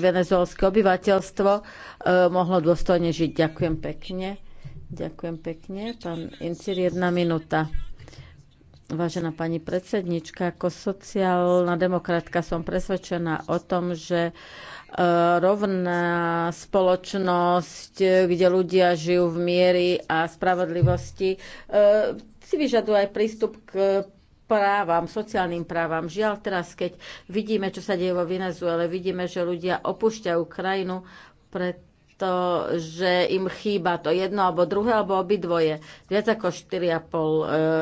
venezuelské obyvateľstvo e, mohlo dôstojne žiť. Ďakujem pekne. Ďakujem pekne. Pán Incir, jedna minúta. Vážená pani predsednička, ako sociálna demokratka som presvedčená o tom, že e, rovná spoločnosť, e, kde ľudia žijú v miery a spravodlivosti, si vyžaduje aj prístup k právam, sociálnym právam. Žiaľ teraz, keď vidíme, čo sa deje vo Venezuele, vidíme, že ľudia opúšťajú krajinu, preto to, že im chýba to jedno alebo druhé, alebo obidvoje. Viac ako 4,5 e,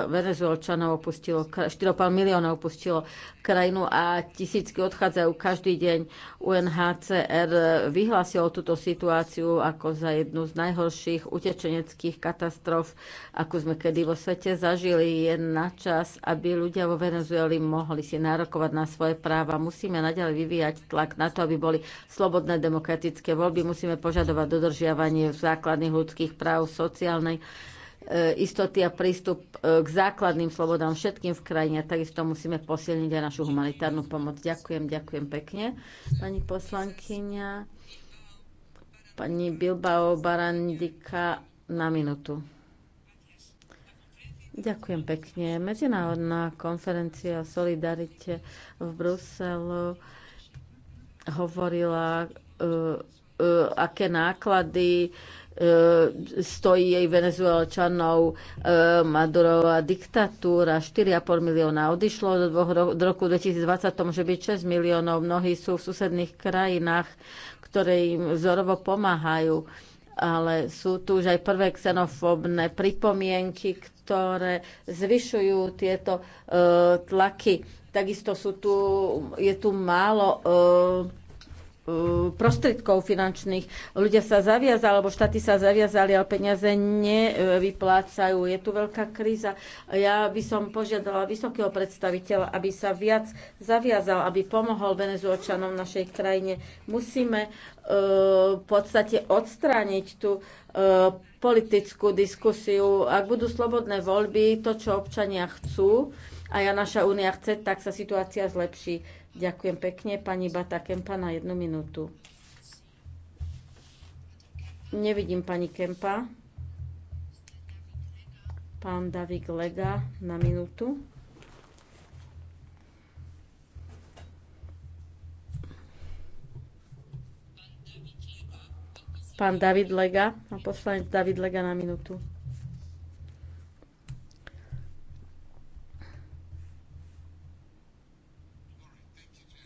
venezuelčanov opustilo, 4,5 miliónov opustilo krajinu a tisícky odchádzajú každý deň. UNHCR vyhlásilo túto situáciu ako za jednu z najhorších utečeneckých katastrof, akú sme kedy vo svete zažili. Je na čas, aby ľudia vo Venezueli mohli si nárokovať na svoje práva. Musíme naďalej vyvíjať tlak na to, aby boli slobodné demokratické voľby. Musíme požiadať sledovať dodržiavanie základných ľudských práv, sociálnej e, istoty a prístup e, k základným slobodám všetkým v krajine. A takisto musíme posilniť aj našu humanitárnu pomoc. Ďakujem, ďakujem pekne, pani poslankyňa. Pani Bilbao Barandika na minútu. Ďakujem pekne. Medzinárodná konferencia o solidarite v Bruselu hovorila uh, E, aké náklady e, stojí jej venezuelčanov e, Madurová diktatúra. 4,5 milióna odišlo do, dvoch, do roku 2020, to môže byť 6 miliónov. Mnohí sú v susedných krajinách, ktoré im vzorovo pomáhajú. Ale sú tu už aj prvé xenofóbne pripomienky, ktoré zvyšujú tieto uh, tlaky. Takisto sú tu, je tu málo uh, Eh, prostriedkov finančných. Ľudia sa zaviazali, alebo štáty sa zaviazali, ale peniaze nevyplácajú. Je tu veľká kríza. Ja by som požiadala vysokého predstaviteľa, aby sa viac zaviazal, aby pomohol venezuelčanom v našej krajine. Musíme eh, v podstate odstrániť tú eh, politickú diskusiu. Ak budú slobodné voľby, to, čo občania chcú, a ja naša únia chce, tak sa situácia zlepší Ďakujem pekne. Pani Bata Kempa na jednu minútu. Nevidím pani Kempa. Pán David Lega na minútu. Pán David Lega, a poslanec David Lega na minútu.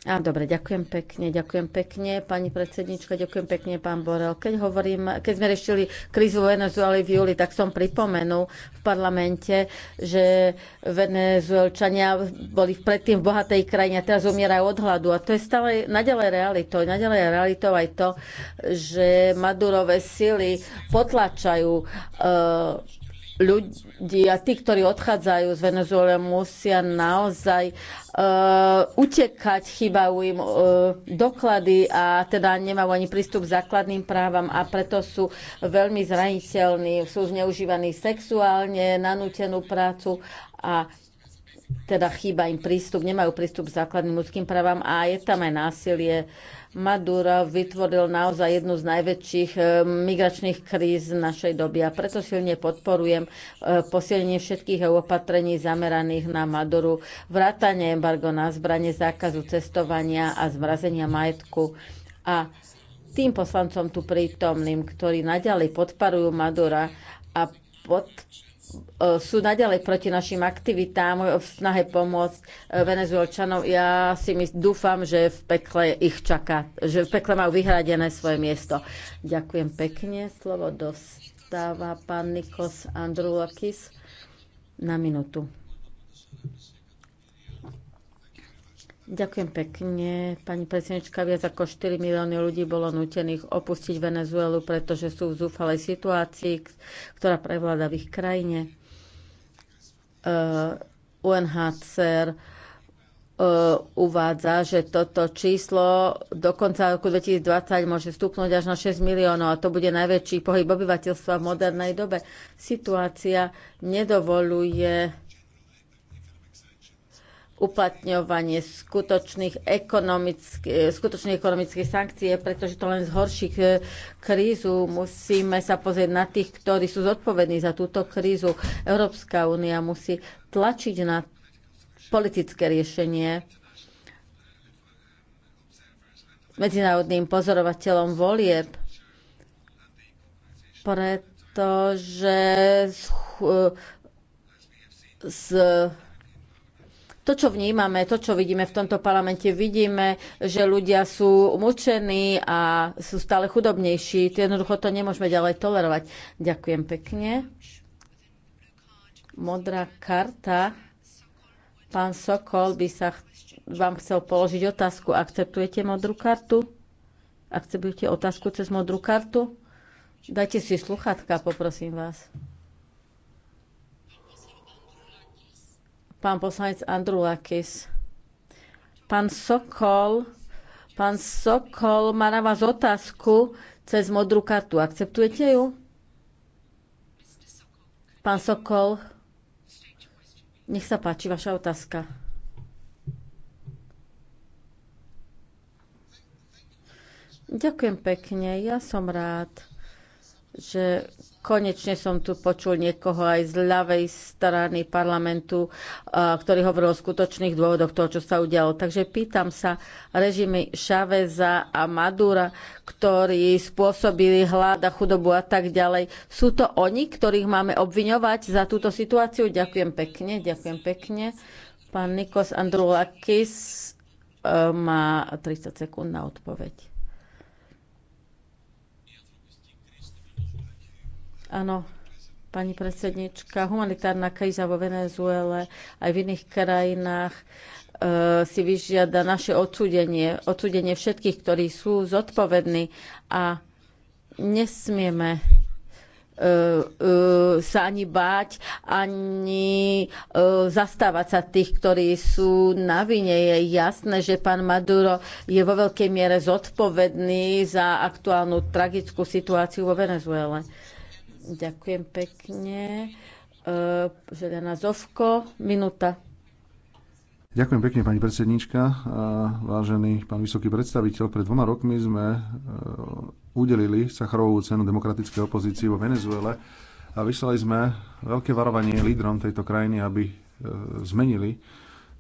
A dobre, ďakujem pekne, ďakujem pekne, pani predsednička, ďakujem pekne, pán Borel. Keď, hovorím, keď sme riešili krízu Venezueli v júli, tak som pripomenul v parlamente, že Venezuelčania boli predtým v bohatej krajine a teraz umierajú od hladu. A to je stále naďalej realitou. Naďalej je realitou aj to, že Madurové sily potlačajú uh, ľudia, tí, ktorí odchádzajú z Venezuele, musia naozaj uh, utekať, chýbajú im uh, doklady a teda nemajú ani prístup k základným právam a preto sú veľmi zraniteľní, sú zneužívaní sexuálne, nanútenú prácu a teda chýba im prístup, nemajú prístup k základným ľudským právam a je tam aj násilie. Maduro vytvoril naozaj jednu z najväčších eh, migračných kríz našej doby a preto silne podporujem eh, posilnenie všetkých opatrení zameraných na Maduru, vrátanie embargo na zbranie, zákazu cestovania a zmrazenia majetku a tým poslancom tu prítomným, ktorí naďalej podporujú Madura a podporujú E, sú naďalej proti našim aktivitám v snahe pomôcť e, Venezuelčanom. Ja si my, dúfam, že v pekle ich čaká, že v pekle majú vyhradené svoje miesto. Ďakujem pekne. Slovo dostáva pán Nikos Andrulakis na minútu. Ďakujem pekne. Pani predsednička, viac ako 4 milióny ľudí bolo nutených opustiť Venezuelu, pretože sú v zúfalej situácii, ktorá prevláda v ich krajine. Eh, UNHCR eh, uvádza, že toto číslo do konca roku 2020 môže stúpnúť až na 6 miliónov a to bude najväčší pohyb obyvateľstva v modernej dobe. Situácia nedovoluje uplatňovanie skutočných, ekonomický, e, skutočných ekonomických sankcií, pretože to len zhorší krízu. Musíme sa pozrieť na tých, ktorí sú zodpovední za túto krízu. Európska únia musí tlačiť na politické riešenie medzinárodným pozorovateľom volieb, pretože z, z e, to, čo vnímame, to, čo vidíme v tomto parlamente, vidíme, že ľudia sú mučení a sú stále chudobnejší. Jednoducho to nemôžeme ďalej tolerovať. Ďakujem pekne. Modrá karta. Pán Sokol by sa vám chcel položiť otázku. Akceptujete modrú kartu? Akceptujete otázku cez modrú kartu? Dajte si sluchatka, poprosím vás. pán poslanec Andrulakis. Pán Sokol, pán Sokol má na vás otázku cez modrú kartu. Akceptujete ju? Pán Sokol, nech sa páči vaša otázka. Ďakujem pekne, ja som rád že konečne som tu počul niekoho aj z ľavej strany parlamentu, ktorý hovoril o skutočných dôvodoch toho, čo sa udialo. Takže pýtam sa režimy Šaveza a Madura, ktorí spôsobili hlad a chudobu a tak ďalej. Sú to oni, ktorých máme obviňovať za túto situáciu? Ďakujem pekne, ďakujem pekne. Pán Nikos Andrulakis e, má 30 sekúnd na odpoveď. Áno, pani predsednička, humanitárna kríza vo Venezuele aj v iných krajinách e, si vyžiada naše odsúdenie, odsúdenie všetkých, ktorí sú zodpovední a nesmieme e, e, sa ani báť, ani zastávať sa tých, ktorí sú na vine. Je jasné, že pán Maduro je vo veľkej miere zodpovedný za aktuálnu tragickú situáciu vo Venezuele. Ďakujem pekne. E, Želena Zovko, minúta. Ďakujem pekne, pani predsednička. E, vážený pán vysoký predstaviteľ, pred dvoma rokmi sme e, udelili Sacharovú cenu demokratickej opozícii vo Venezuele a vyslali sme veľké varovanie lídrom tejto krajiny, aby zmenili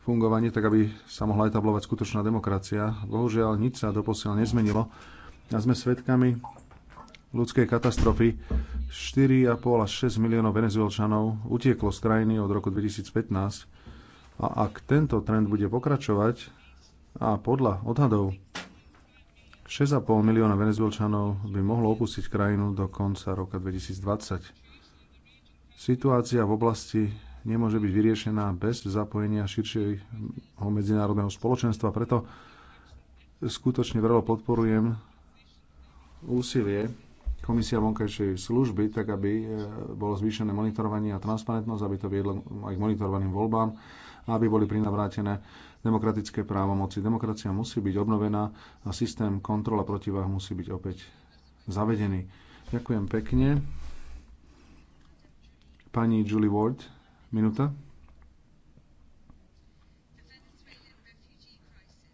fungovanie, tak aby sa mohla etablovať skutočná demokracia. Bohužiaľ, nič sa doposiaľ nezmenilo a sme svedkami ľudskej katastrofy. 4,5 až 6 miliónov venezuelčanov utieklo z krajiny od roku 2015 a ak tento trend bude pokračovať a podľa odhadov 6,5 milióna venezuelčanov by mohlo opustiť krajinu do konca roka 2020. Situácia v oblasti nemôže byť vyriešená bez zapojenia širšieho medzinárodného spoločenstva, preto skutočne veľmi podporujem úsilie Komisia vonkajšej služby, tak aby e, bolo zvýšené monitorovanie a transparentnosť, aby to viedlo aj k monitorovaným voľbám a aby boli prinavrátené demokratické právomoci. Demokracia musí byť obnovená a systém kontrola protiváh musí byť opäť zavedený. Ďakujem pekne. Pani Julie Ward, minúta.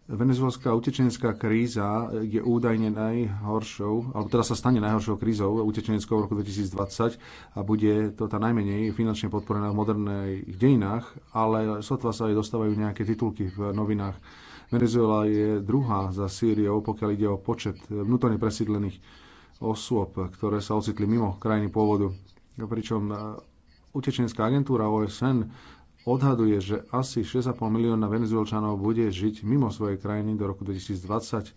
Venezuelská utečenecká kríza je údajne najhoršou, alebo teda sa stane najhoršou krízou utečeneckou v roku 2020 a bude to tá najmenej finančne podporená v moderných dejinách, ale sotva sa aj dostávajú nejaké titulky v novinách. Venezuela je druhá za Sýriou, pokiaľ ide o počet vnútorne presídlených osôb, ktoré sa ocitli mimo krajiny pôvodu. Pričom e, utečenská agentúra OSN odhaduje, že asi 6,5 milióna venezuelčanov bude žiť mimo svojej krajiny do roku 2020,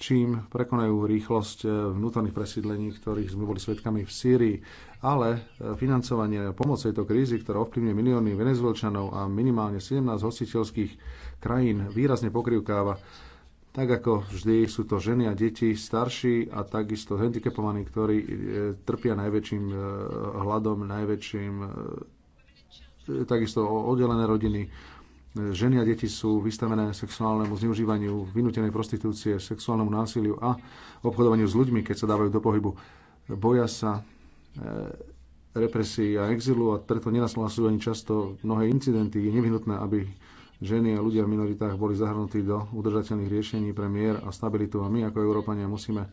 čím prekonajú rýchlosť eh, vnútorných presídlení, ktorých sme boli svedkami v Sýrii. Ale eh, financovanie pomoc tejto krízy, ktorá ovplyvňuje milióny venezuelčanov a minimálne 17 hostiteľských krajín, výrazne pokrivkáva tak ako vždy sú to ženy a deti, starší a takisto handicapovaní, ktorí eh, trpia najväčším hladom, najväčším takisto oddelené rodiny. Ženy a deti sú vystavené sexuálnemu zneužívaniu, vynútenej prostitúcie, sexuálnemu násiliu a obchodovaniu s ľuďmi, keď sa dávajú do pohybu. Boja sa e, represí a exilu a preto nenaslúhajú ani často mnohé incidenty. Je nevyhnutné, aby ženy a ľudia v minoritách boli zahrnutí do udržateľných riešení pre mier a stabilitu a my ako Európania musíme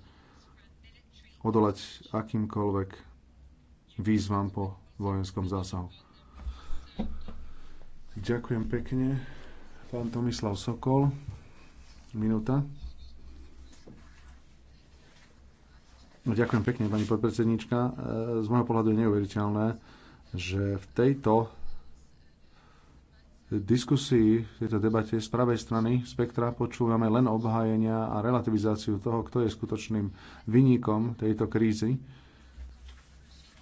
odolať akýmkoľvek výzvam po vojenskom zásahu. Ďakujem pekne. Pán Tomislav Sokol, minúta. No, ďakujem pekne, pani podpredsednička. E, z môjho pohľadu je neuveriteľné, že v tejto diskusii, v tejto debate z pravej strany spektra počúvame len obhájenia a relativizáciu toho, kto je skutočným vynikom tejto krízy.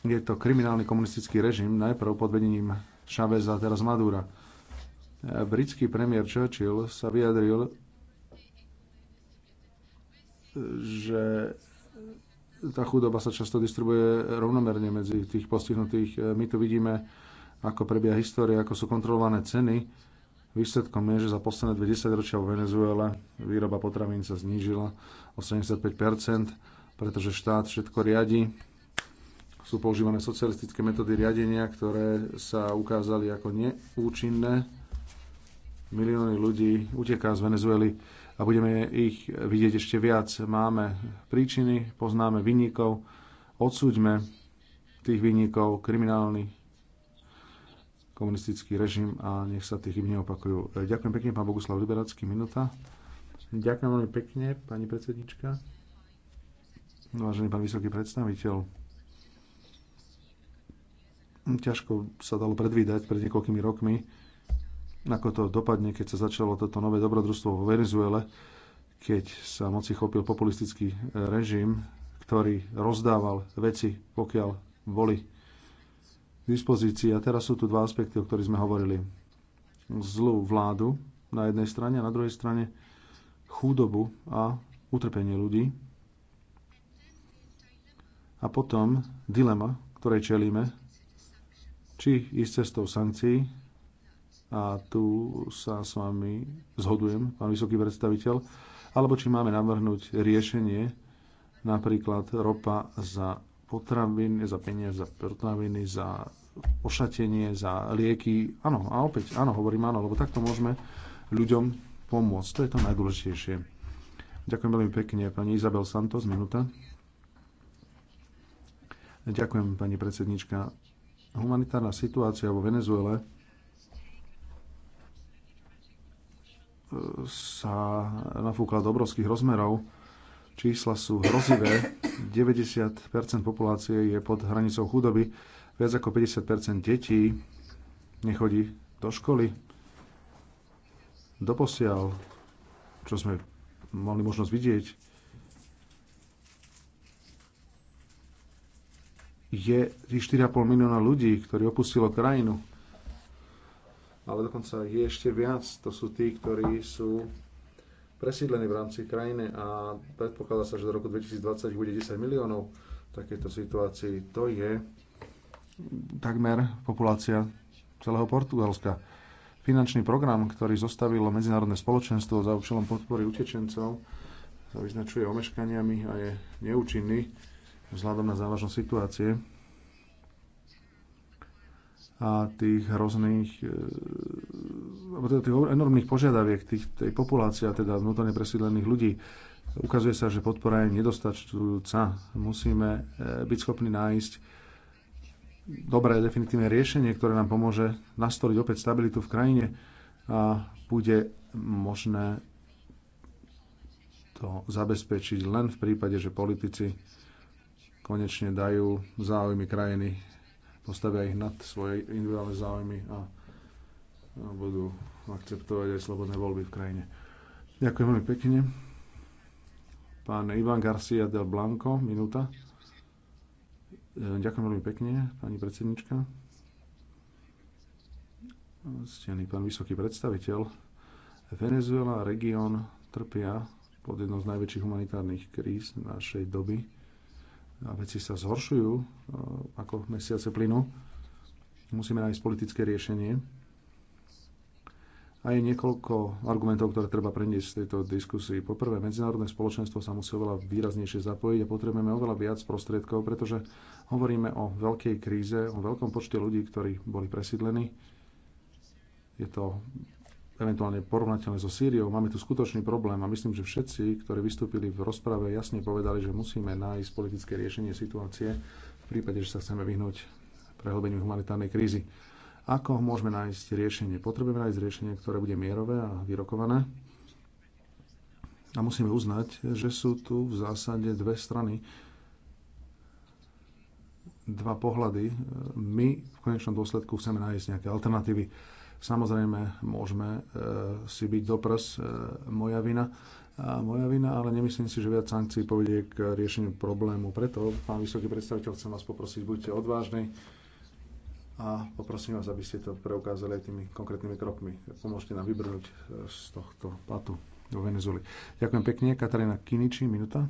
Je to kriminálny komunistický režim, najprv pod vedením a teraz Madura. E, britský premiér Churchill sa vyjadril, e, že tá chudoba sa často distribuje rovnomerne medzi tých postihnutých. E, my tu vidíme, ako prebieha história, ako sú kontrolované ceny. Výsledkom je, že za posledné 20 ročia vo Venezuele výroba potravín sa znížila o 75 pretože štát všetko riadi sú používané socialistické metódy riadenia, ktoré sa ukázali ako neúčinné. Milióny ľudí uteká z Venezuely a budeme ich vidieť ešte viac. Máme príčiny, poznáme vynikov, odsúďme tých vynikov, kriminálny komunistický režim a nech sa tých im neopakujú. Ďakujem pekne, pán Boguslav Liberácky minúta. Ďakujem veľmi pekne, pani predsednička. Vážený pán vysoký predstaviteľ, Hm, ťažko sa dalo predvídať pred niekoľkými rokmi, ako to dopadne, keď sa začalo toto nové dobrodružstvo vo Venezuele, keď sa moci chopil populistický e, režim, ktorý rozdával veci, pokiaľ boli k dispozícii. A teraz sú tu dva aspekty, o ktorých sme hovorili. Zlú vládu na jednej strane a na druhej strane chudobu a utrpenie ľudí. A potom dilema, ktorej čelíme, či ísť cestou sankcií. A tu sa s vami zhodujem, pán vysoký predstaviteľ. Alebo či máme navrhnúť riešenie, napríklad ropa za potraviny, za peniaze, za potraviny, za ošatenie, za lieky. Áno, a opäť, áno, hovorím áno, lebo takto môžeme ľuďom pomôcť. To je to najdôležitejšie. Ďakujem veľmi pekne, pani Izabel Santos, minúta. Ďakujem, pani predsednička. Humanitárna situácia vo Venezuele e, sa nafúkla do obrovských rozmerov. Čísla sú hrozivé. 90 populácie je pod hranicou chudoby. Viac ako 50 detí nechodí do školy. Doposiaľ, čo sme mali možnosť vidieť, je tých 4,5 milióna ľudí, ktorí opustilo krajinu. Ale dokonca je ešte viac. To sú tí, ktorí sú presídlení v rámci krajiny a predpokladá sa, že do roku 2020 bude 10 miliónov v takejto situácii. To je takmer populácia celého Portugalska. Finančný program, ktorý zostavilo medzinárodné spoločenstvo za účelom podpory utečencov, sa vyznačuje omeškaniami a je neúčinný vzhľadom na závažnosť situácie a tých hrozných, e, alebo teda tých enormných požiadaviek tých, tej populácie, teda vnútorne presídlených ľudí. Ukazuje sa, že podpora je nedostačujúca. Musíme e, byť schopní nájsť dobré definitívne riešenie, ktoré nám pomôže nastoliť opäť stabilitu v krajine a bude možné to zabezpečiť len v prípade, že politici konečne dajú záujmy krajiny, postavia ich nad svoje individuálne záujmy a budú akceptovať aj slobodné voľby v krajine. Ďakujem veľmi pekne. Pán Ivan Garcia del Blanco, minúta. E, ďakujem veľmi pekne, pani predsednička. Stený pán vysoký predstaviteľ. Venezuela, región, trpia pod jednou z najväčších humanitárnych kríz našej doby a veci sa zhoršujú e, ako mesiace plynu. Musíme nájsť politické riešenie. A je niekoľko argumentov, ktoré treba preniesť z tejto diskusii. Poprvé, medzinárodné spoločenstvo sa musí oveľa výraznejšie zapojiť a potrebujeme oveľa viac prostriedkov, pretože hovoríme o veľkej kríze, o veľkom počte ľudí, ktorí boli presídlení. Je to eventuálne porovnateľné so Sýriou. Máme tu skutočný problém a myslím, že všetci, ktorí vystúpili v rozprave, jasne povedali, že musíme nájsť politické riešenie situácie v prípade, že sa chceme vyhnúť prehlbeniu humanitárnej krízy. Ako môžeme nájsť riešenie? Potrebujeme nájsť riešenie, ktoré bude mierové a vyrokované. A musíme uznať, že sú tu v zásade dve strany, dva pohľady. My v konečnom dôsledku chceme nájsť nejaké alternatívy Samozrejme, môžeme e, si byť e, moja vina, a moja vina, ale nemyslím si, že viac sankcií povedie k riešeniu problému. Preto, pán vysoký predstaviteľ, chcem vás poprosiť, buďte odvážni a poprosím vás, aby ste to preukázali aj tými konkrétnymi krokmi. Pomôžte nám vybrnúť e, z tohto patu, do Venezuely. Ďakujem pekne. Katarína Kiniči, minúta.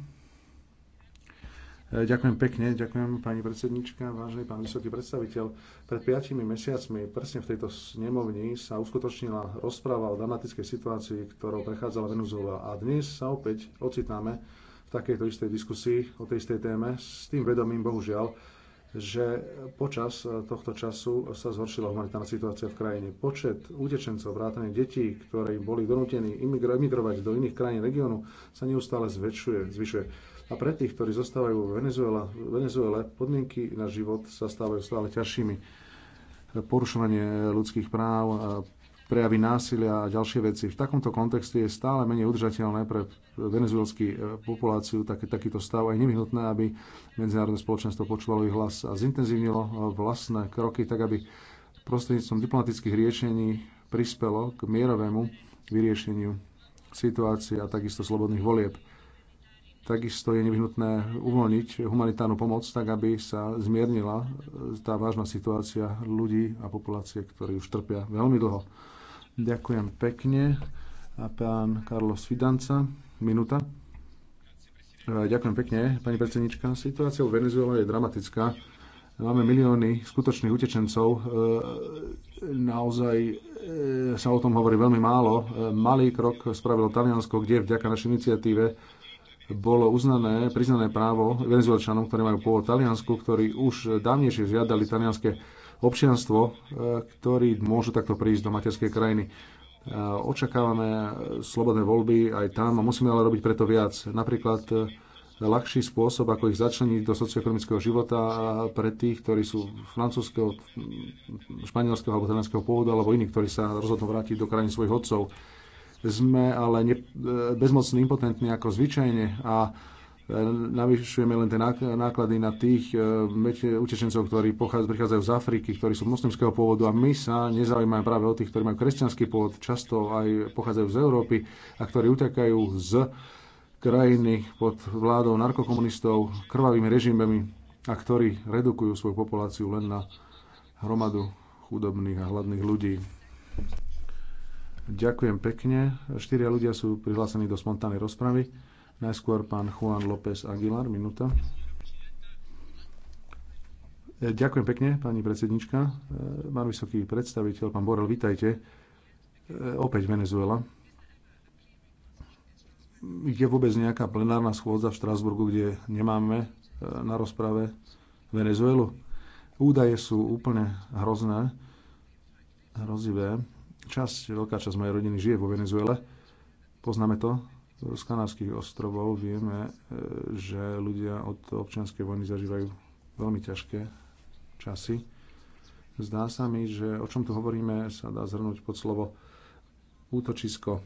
E, ďakujem pekne, ďakujem pani predsednička, vážený pán vysoký predstaviteľ. Pred piatimi mesiacmi presne v tejto snemovni sa uskutočnila rozpráva o dramatickej situácii, ktorou prechádzala Venezuela. A dnes sa opäť ocitáme v takejto istej diskusii o tej istej téme s tým vedomím, bohužiaľ, že počas tohto času sa zhoršila humanitárna situácia v krajine. Počet utečencov, vrátane detí, ktorí boli donútení emigrovať do iných krajín regiónu, sa neustále zväčšuje, zvyšuje a pre tých, ktorí zostávajú v Venezuele, podmienky na život sa stávajú stále ťažšími. Porušovanie ľudských práv, prejavy násilia a ďalšie veci. V takomto kontexte je stále menej udržateľné pre venezuelskú e, populáciu taký, takýto stav aj nevyhnutné, aby medzinárodné spoločenstvo počúvalo ich hlas a zintenzívnilo e, vlastné kroky, tak aby prostredníctvom diplomatických riešení prispelo k mierovému vyriešeniu situácie a takisto slobodných volieb. Takisto je nevyhnutné uvoľniť humanitárnu pomoc, tak aby sa zmiernila tá vážna situácia ľudí a populácie, ktorí už trpia veľmi dlho. Ďakujem pekne. A pán Carlos Fidanca, minúta. E, ďakujem pekne, pani predsednička. Situácia v Venezuele je dramatická. Máme milióny skutočných utečencov. E, naozaj e, sa o tom hovorí veľmi málo. Malý krok spravilo Taliansko, kde vďaka našej iniciatíve bolo uznané, priznané právo venezuelčanom, ktorí majú pôvod Taliansku, ktorí už dávnejšie žiadali talianské občianstvo, e, ktorí môžu takto prísť do materskej krajiny. E, očakávame slobodné voľby aj tam a musíme ale robiť preto viac. Napríklad e, ľahší spôsob, ako ich začleniť do socioekonomického života pre tých, ktorí sú francúzského, španielského alebo talianského pôvodu alebo iní, ktorí sa rozhodnú vrátiť do krajín svojich odcov sme ale ne, e, bezmocní, impotentní ako zvyčajne a e, navyšujeme len tie náklady na tých e, utečencov, ktorí prichádzajú z Afriky, ktorí sú moslimského pôvodu a my sa nezaujímame práve o tých, ktorí majú kresťanský pôvod, často aj pochádzajú z Európy a ktorí utekajú z krajiny pod vládou narkokomunistov, krvavými režimami a ktorí redukujú svoju populáciu len na hromadu chudobných a hladných ľudí. Ďakujem pekne. Štyria ľudia sú prihlásení do spontánnej rozpravy. Najskôr pán Juan López Aguilar, minúta. E, ďakujem pekne, pani predsednička. Pán e, vysoký predstaviteľ, pán Borel, vítajte. E, opäť Venezuela. Je vôbec nejaká plenárna schôdza v Štrásburgu, kde nemáme na rozprave Venezuelu? Údaje sú úplne hrozné, hrozivé. Časť, veľká časť mojej rodiny žije vo Venezuele. Poznáme to z Kanárskych ostrovov. Vieme, e, že ľudia od občianskej vojny zažívajú veľmi ťažké časy. Zdá sa mi, že o čom tu hovoríme, sa dá zhrnúť pod slovo útočisko.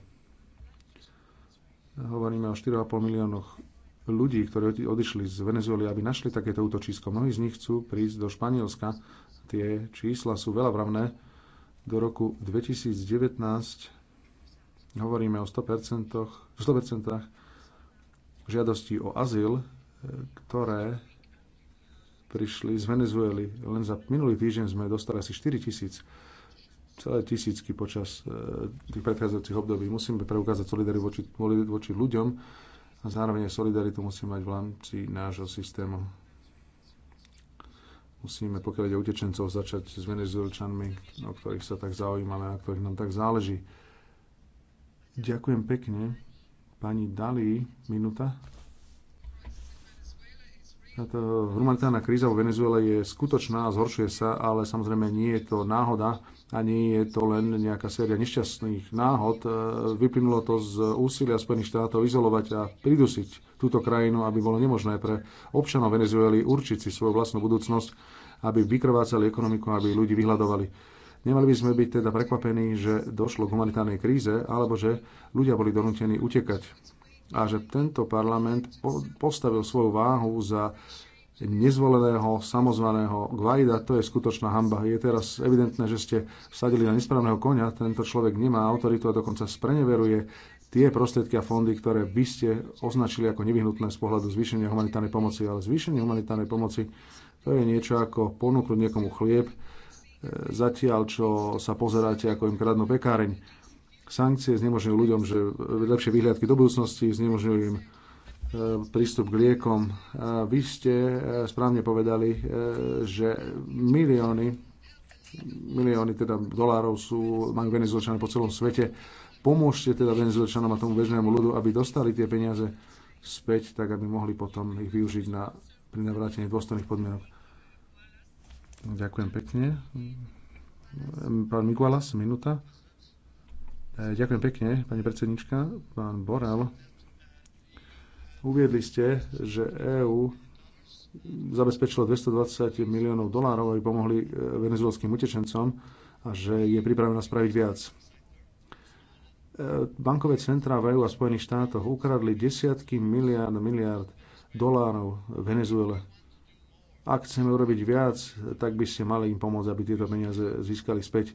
Hovoríme o 4,5 miliónoch ľudí, ktorí odišli z Venezuely, aby našli takéto útočisko. Mnohí z nich chcú prísť do Španielska. Tie čísla sú veľa vravné do roku 2019 hovoríme o 100%, 100% žiadostí o azyl, e, ktoré prišli z Venezuely. Len za minulý týždeň sme dostali asi 4 tisíc celé tisícky počas e, tých predchádzajúcich období. Musíme preukázať solidaritu voči, voči ľuďom a zároveň solidaritu musíme mať v rámci nášho systému Musíme, pokiaľ ide utečencov, začať s venezuelčanmi, o ktorých sa tak zaujímame, na ktorých nám tak záleží. Ďakujem pekne. Pani Dali, minúta. Táto humanitárna kríza vo Venezuele je skutočná, zhoršuje sa, ale samozrejme nie je to náhoda a nie je to len nejaká séria nešťastných náhod. E, vyplynulo to z úsilia Spojených štátov izolovať a pridusiť túto krajinu, aby bolo nemožné pre občanov Venezuely určiť si svoju vlastnú budúcnosť, aby vykrvácali ekonomiku, aby ľudí vyhľadovali. Nemali by sme byť teda prekvapení, že došlo k humanitárnej kríze, alebo že ľudia boli donútení utekať a že tento parlament postavil svoju váhu za nezvoleného, samozvaného Guaida, to je skutočná hamba. Je teraz evidentné, že ste vsadili na nesprávneho konia, tento človek nemá autoritu a dokonca spreneveruje tie prostriedky a fondy, ktoré by ste označili ako nevyhnutné z pohľadu zvýšenia humanitárnej pomoci. Ale zvýšenie humanitárnej pomoci to je niečo ako ponúknuť niekomu chlieb, e, zatiaľ čo sa pozeráte, ako im kradnú pekáreň Sankcie znemožňujú ľuďom, že lepšie výhľadky do budúcnosti, znemožňujú im e, prístup k liekom. E, vy ste e, správne povedali, že milióny, milióny teda dolárov sú, majú venezuelčania po celom svete. Pomôžte teda venezuelčanom a tomu bežnému ľudu, aby dostali tie peniaze späť, tak aby mohli potom ich využiť na, pri navrátení dôstojných podmienok. Ďakujem pekne. Pán Mikulas, minúta. Eh, ďakujem pekne, pani predsednička. Pán Borel, uviedli ste, že EÚ zabezpečilo 220 miliónov dolárov, aby pomohli eh, venezuelským utečencom a že je pripravená spraviť viac. Eh, bankové centrá v EÚ a Spojených štátoch ukradli desiatky miliárd, miliárd dolárov Venezuele. Ak chceme urobiť viac, tak by ste mali im pomôcť, aby tieto peniaze získali späť.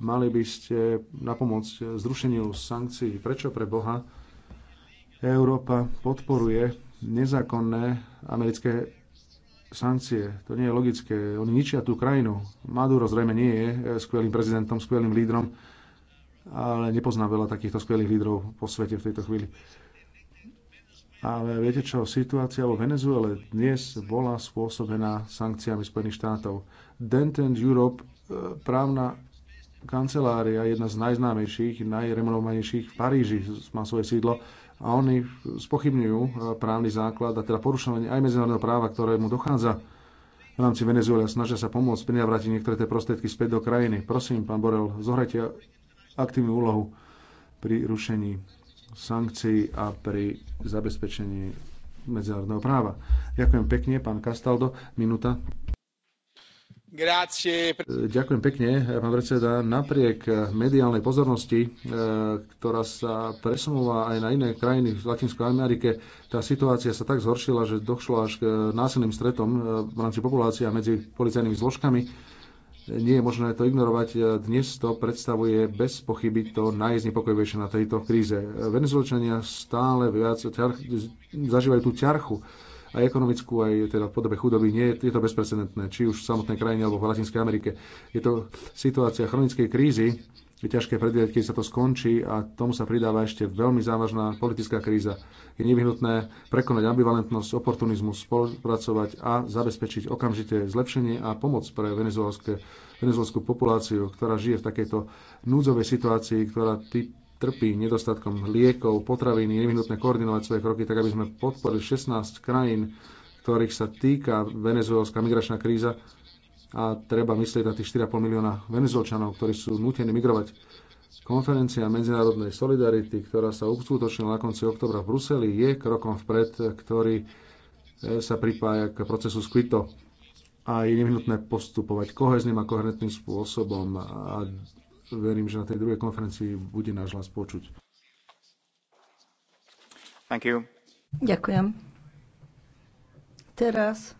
Mali by ste napomôcť zrušeniu sankcií. Prečo pre Boha Európa podporuje nezákonné americké sankcie. To nie je logické. Oni ničia tú krajinu. Maduro zrejme nie je skvelým prezidentom, skvelým lídrom, ale nepozná veľa takýchto skvelých lídrov po svete v tejto chvíli. Ale viete čo, situácia vo Venezuele dnes bola spôsobená sankciami Spojených štátov. Dent and Europe, e, právna kancelária, jedna z najznámejších, najremonovanejších v Paríži, má svoje sídlo a oni spochybňujú eh, právny základ a teda porušovanie aj medzinárodného práva, ktoré mu dochádza v rámci Venezuela. Snažia sa pomôcť prinavrátiť niektoré tie prostriedky späť do krajiny. Prosím, pán Borel, zohrajte aktívnu úlohu pri rušení sankcií a pri zabezpečení medzinárodného práva. Ďakujem pekne, pán Castaldo. Minúta. E, ďakujem pekne, pán predseda. Napriek e, mediálnej pozornosti, e, ktorá sa presunula aj na iné krajiny v Latinskej Amerike, tá situácia sa tak zhoršila, že došlo až k násilným stretom v rámci populácie a medzi policajnými zložkami. Nie je možné to ignorovať. Dnes to predstavuje bez pochyby to najznepokojivejšie na tejto kríze. Venezuelčania stále viac zažívajú tú ťarchu aj ekonomickú, aj teda v podobe chudoby. Nie je to bezprecedentné, či už v samotnej krajine alebo v Latinskej Amerike. Je to situácia chronickej krízy, je ťažké predvídať, keď sa to skončí a tomu sa pridáva ešte veľmi závažná politická kríza. Je nevyhnutné prekonať ambivalentnosť, oportunizmus, spolupracovať a zabezpečiť okamžité zlepšenie a pomoc pre venezuelskú populáciu, ktorá žije v takejto núdzovej situácii, ktorá tý, trpí nedostatkom liekov, potravín, je nevyhnutné koordinovať svoje kroky tak, aby sme podporili 16 krajín, ktorých sa týka venezuelská migračná kríza a treba myslieť na tých 4,5 milióna venezuelčanov, ktorí sú nutení migrovať. Konferencia medzinárodnej solidarity, ktorá sa uskutočnila na konci oktobra v Bruseli, je krokom vpred, ktorý e, sa pripája k procesu Squito a je nevyhnutné postupovať kohezným a koherentným spôsobom a verím, že na tej druhej konferencii bude náš hlas počuť. Thank you. Ďakujem. Teraz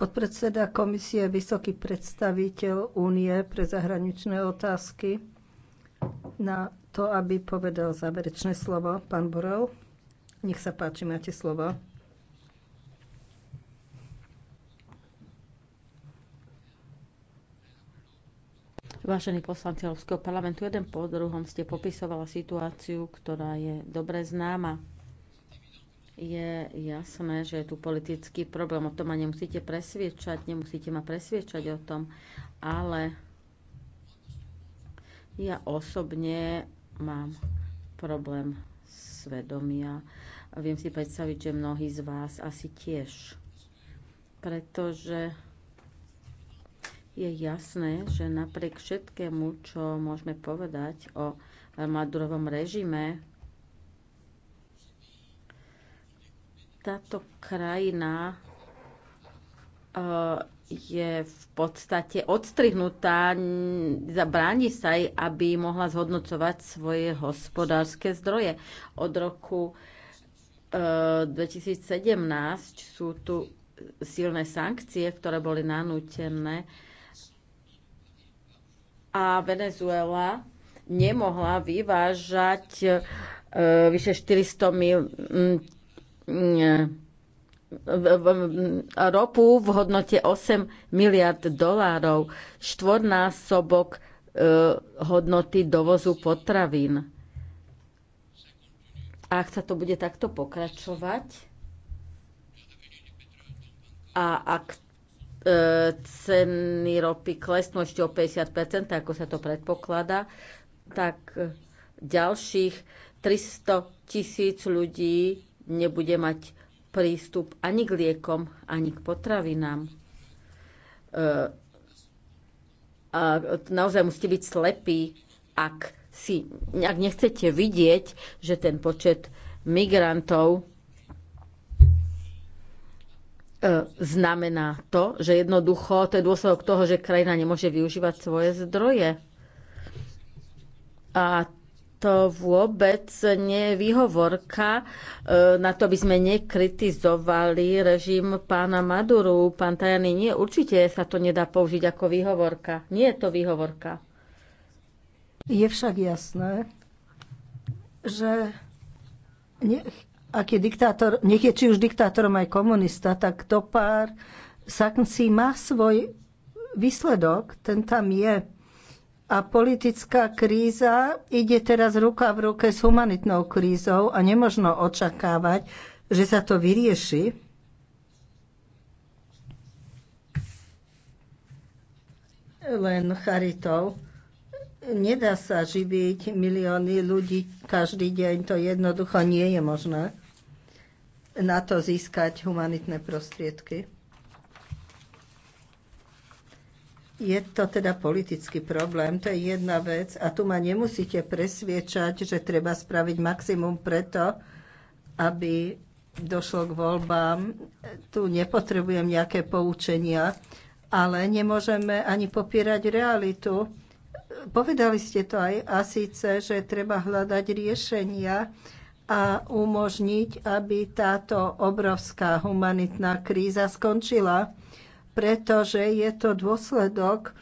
podpredseda komisie Vysoký predstaviteľ Únie pre zahraničné otázky na to, aby povedal záverečné slovo. Pán Borov. nech sa páči, máte slovo. Vážení poslanci Európskeho parlamentu, jeden po druhom ste popisovala situáciu, ktorá je dobre známa. Je jasné, že je tu politický problém, o tom ma nemusíte presviečať, nemusíte ma presviečať o tom, ale ja osobne mám problém svedomia. Viem si predstaviť, že mnohí z vás asi tiež. Pretože je jasné, že napriek všetkému, čo môžeme povedať o Madurovom režime, táto krajina eh, je v podstate odstrihnutá, zabráni sa jej, aby mohla zhodnocovať svoje hospodárske zdroje. Od roku 2017 eh, sú tu silné sankcie, ktoré boli nanútené a Venezuela nemohla vyvážať e, vyše 400 mil, e, ropu v hodnote 8 miliard dolárov, štvornásobok e, hodnoty dovozu potravín. A ak sa to bude takto pokračovať, a ak E, ceny ropy klesnú ešte o 50%, ako sa to predpokladá, tak ďalších 300 tisíc ľudí nebude mať prístup ani k liekom, ani k potravinám. E, a naozaj musíte byť slepí, ak, si, ak nechcete vidieť, že ten počet migrantov E, znamená to, že jednoducho to je dôsledok toho, že krajina nemôže využívať svoje zdroje. A to vôbec nie je výhovorka e, na to, aby sme nekritizovali režim pána Maduru. Pán Tajany, nie, určite sa to nedá použiť ako výhovorka. Nie je to výhovorka. Je však jasné, že nech ak je diktátor, nech je či už diktátorom aj komunista, tak to pár sankcií má svoj výsledok, ten tam je. A politická kríza ide teraz ruka v ruke s humanitnou krízou a nemožno očakávať, že sa to vyrieši. Len charitou. Nedá sa živiť milióny ľudí každý deň, to jednoducho nie je možné na to získať humanitné prostriedky. Je to teda politický problém, to je jedna vec a tu ma nemusíte presviečať, že treba spraviť maximum preto, aby došlo k voľbám. Tu nepotrebujem nejaké poučenia, ale nemôžeme ani popierať realitu. Povedali ste to aj a síce, že treba hľadať riešenia, a umožniť, aby táto obrovská humanitná kríza skončila, pretože je to dôsledok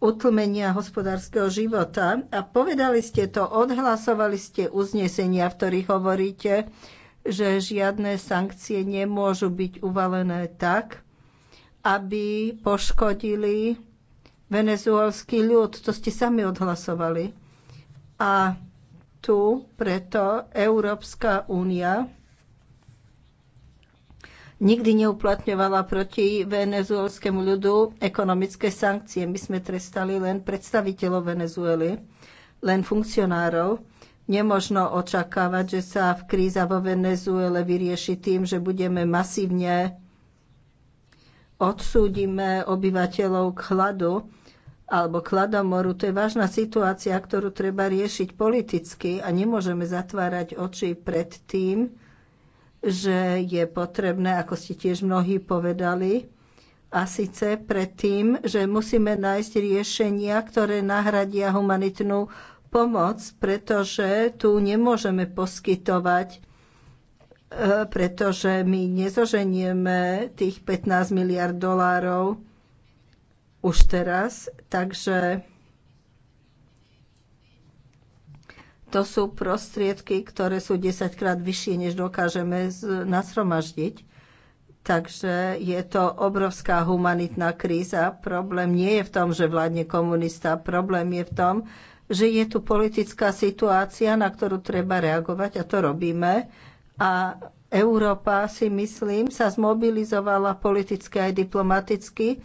utlmenia hospodárskeho života. A povedali ste to, odhlasovali ste uznesenia, v ktorých hovoríte, že žiadne sankcie nemôžu byť uvalené tak, aby poškodili venezuelský ľud. To ste sami odhlasovali. A tu preto Európska únia nikdy neuplatňovala proti venezuelskému ľudu ekonomické sankcie. My sme trestali len predstaviteľov Venezuely, len funkcionárov. Nemožno očakávať, že sa v kríza vo Venezuele vyrieši tým, že budeme masívne odsúdime obyvateľov k hladu alebo Kladomoru. To je vážna situácia, ktorú treba riešiť politicky a nemôžeme zatvárať oči pred tým, že je potrebné, ako ste tiež mnohí povedali, a síce pred tým, že musíme nájsť riešenia, ktoré nahradia humanitnú pomoc, pretože tu nemôžeme poskytovať e, pretože my nezoženieme tých 15 miliard dolárov už teraz, takže to sú prostriedky, ktoré sú 10 krát vyššie, než dokážeme nasromaždiť. Takže je to obrovská humanitná kríza. Problém nie je v tom, že vládne komunista. Problém je v tom, že je tu politická situácia, na ktorú treba reagovať a to robíme. A Európa si myslím sa zmobilizovala politicky aj diplomaticky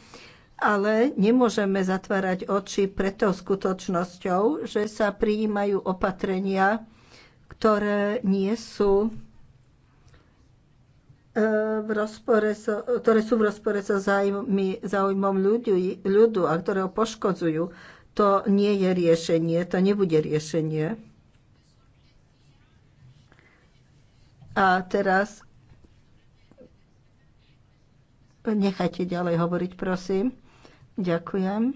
ale nemôžeme zatvárať oči pred tou skutočnosťou, že sa prijímajú opatrenia, ktoré nie sú e, v rozpore so, ktoré sú v rozpore so zájmy, záujmom ľudí, ľudu a ktoré ho poškodzujú. To nie je riešenie, to nebude riešenie. A teraz nechajte ďalej hovoriť, prosím. Ďakujem.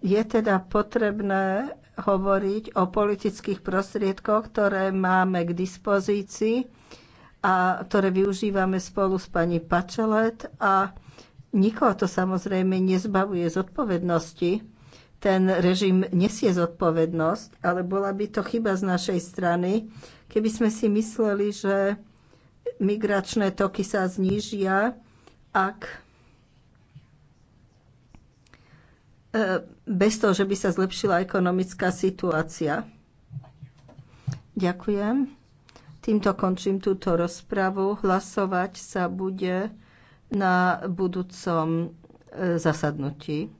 Je teda potrebné hovoriť o politických prostriedkoch, ktoré máme k dispozícii a ktoré využívame spolu s pani Pačelet a nikoho to samozrejme nezbavuje zodpovednosti. Ten režim nesie zodpovednosť, ale bola by to chyba z našej strany, keby sme si mysleli, že migračné toky sa znížia, ak E, bez toho, že by sa zlepšila ekonomická situácia. Ďakujem. Týmto končím túto rozpravu. Hlasovať sa bude na budúcom e, zasadnutí.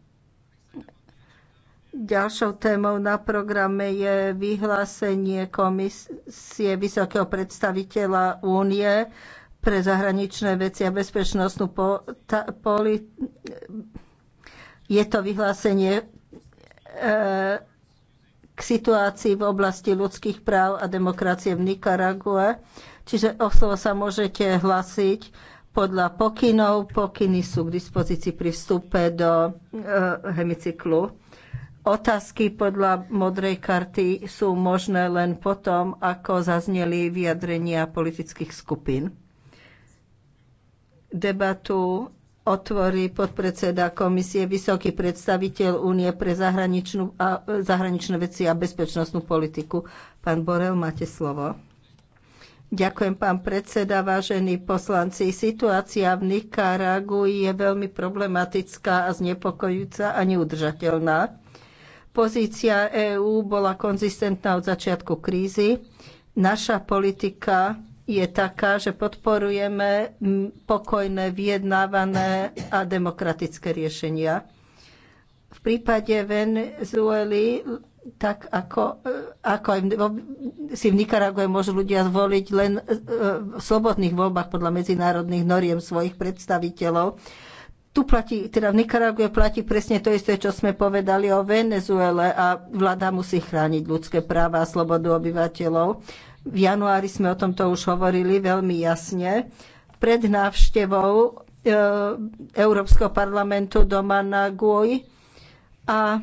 Ďalšou témou na programe je vyhlásenie Komisie Vysokého predstaviteľa únie pre zahraničné veci a bezpečnostnú politiku. Je to vyhlásenie e, k situácii v oblasti ľudských práv a demokracie v Nikarague. Čiže o slovo sa môžete hlasiť podľa pokynov. Pokyny sú k dispozícii pri vstupe do e, hemicyklu. Otázky podľa modrej karty sú možné len potom, ako zazneli vyjadrenia politických skupín. Debatu otvorí podpredseda komisie, vysoký predstaviteľ Únie pre zahraničnú a, zahraničné veci a bezpečnostnú politiku. Pán Borel, máte slovo. Ďakujem, pán predseda, vážení poslanci. Situácia v Nikaragu je veľmi problematická a znepokojúca a neudržateľná. Pozícia EÚ bola konzistentná od začiatku krízy. Naša politika je taká, že podporujeme pokojné, vyjednávané a demokratické riešenia. V prípade Venezuely, tak ako, e, ako aj si v Nikarague môžu ľudia zvoliť len e, v slobodných voľbách podľa medzinárodných noriem svojich predstaviteľov. Tu platí, teda v Nikarague platí presne to isté, čo sme povedali o Venezuele a vláda musí chrániť ľudské práva a slobodu obyvateľov v januári sme o tomto už hovorili veľmi jasne. Pred návštevou e, Európskeho parlamentu do Managuj a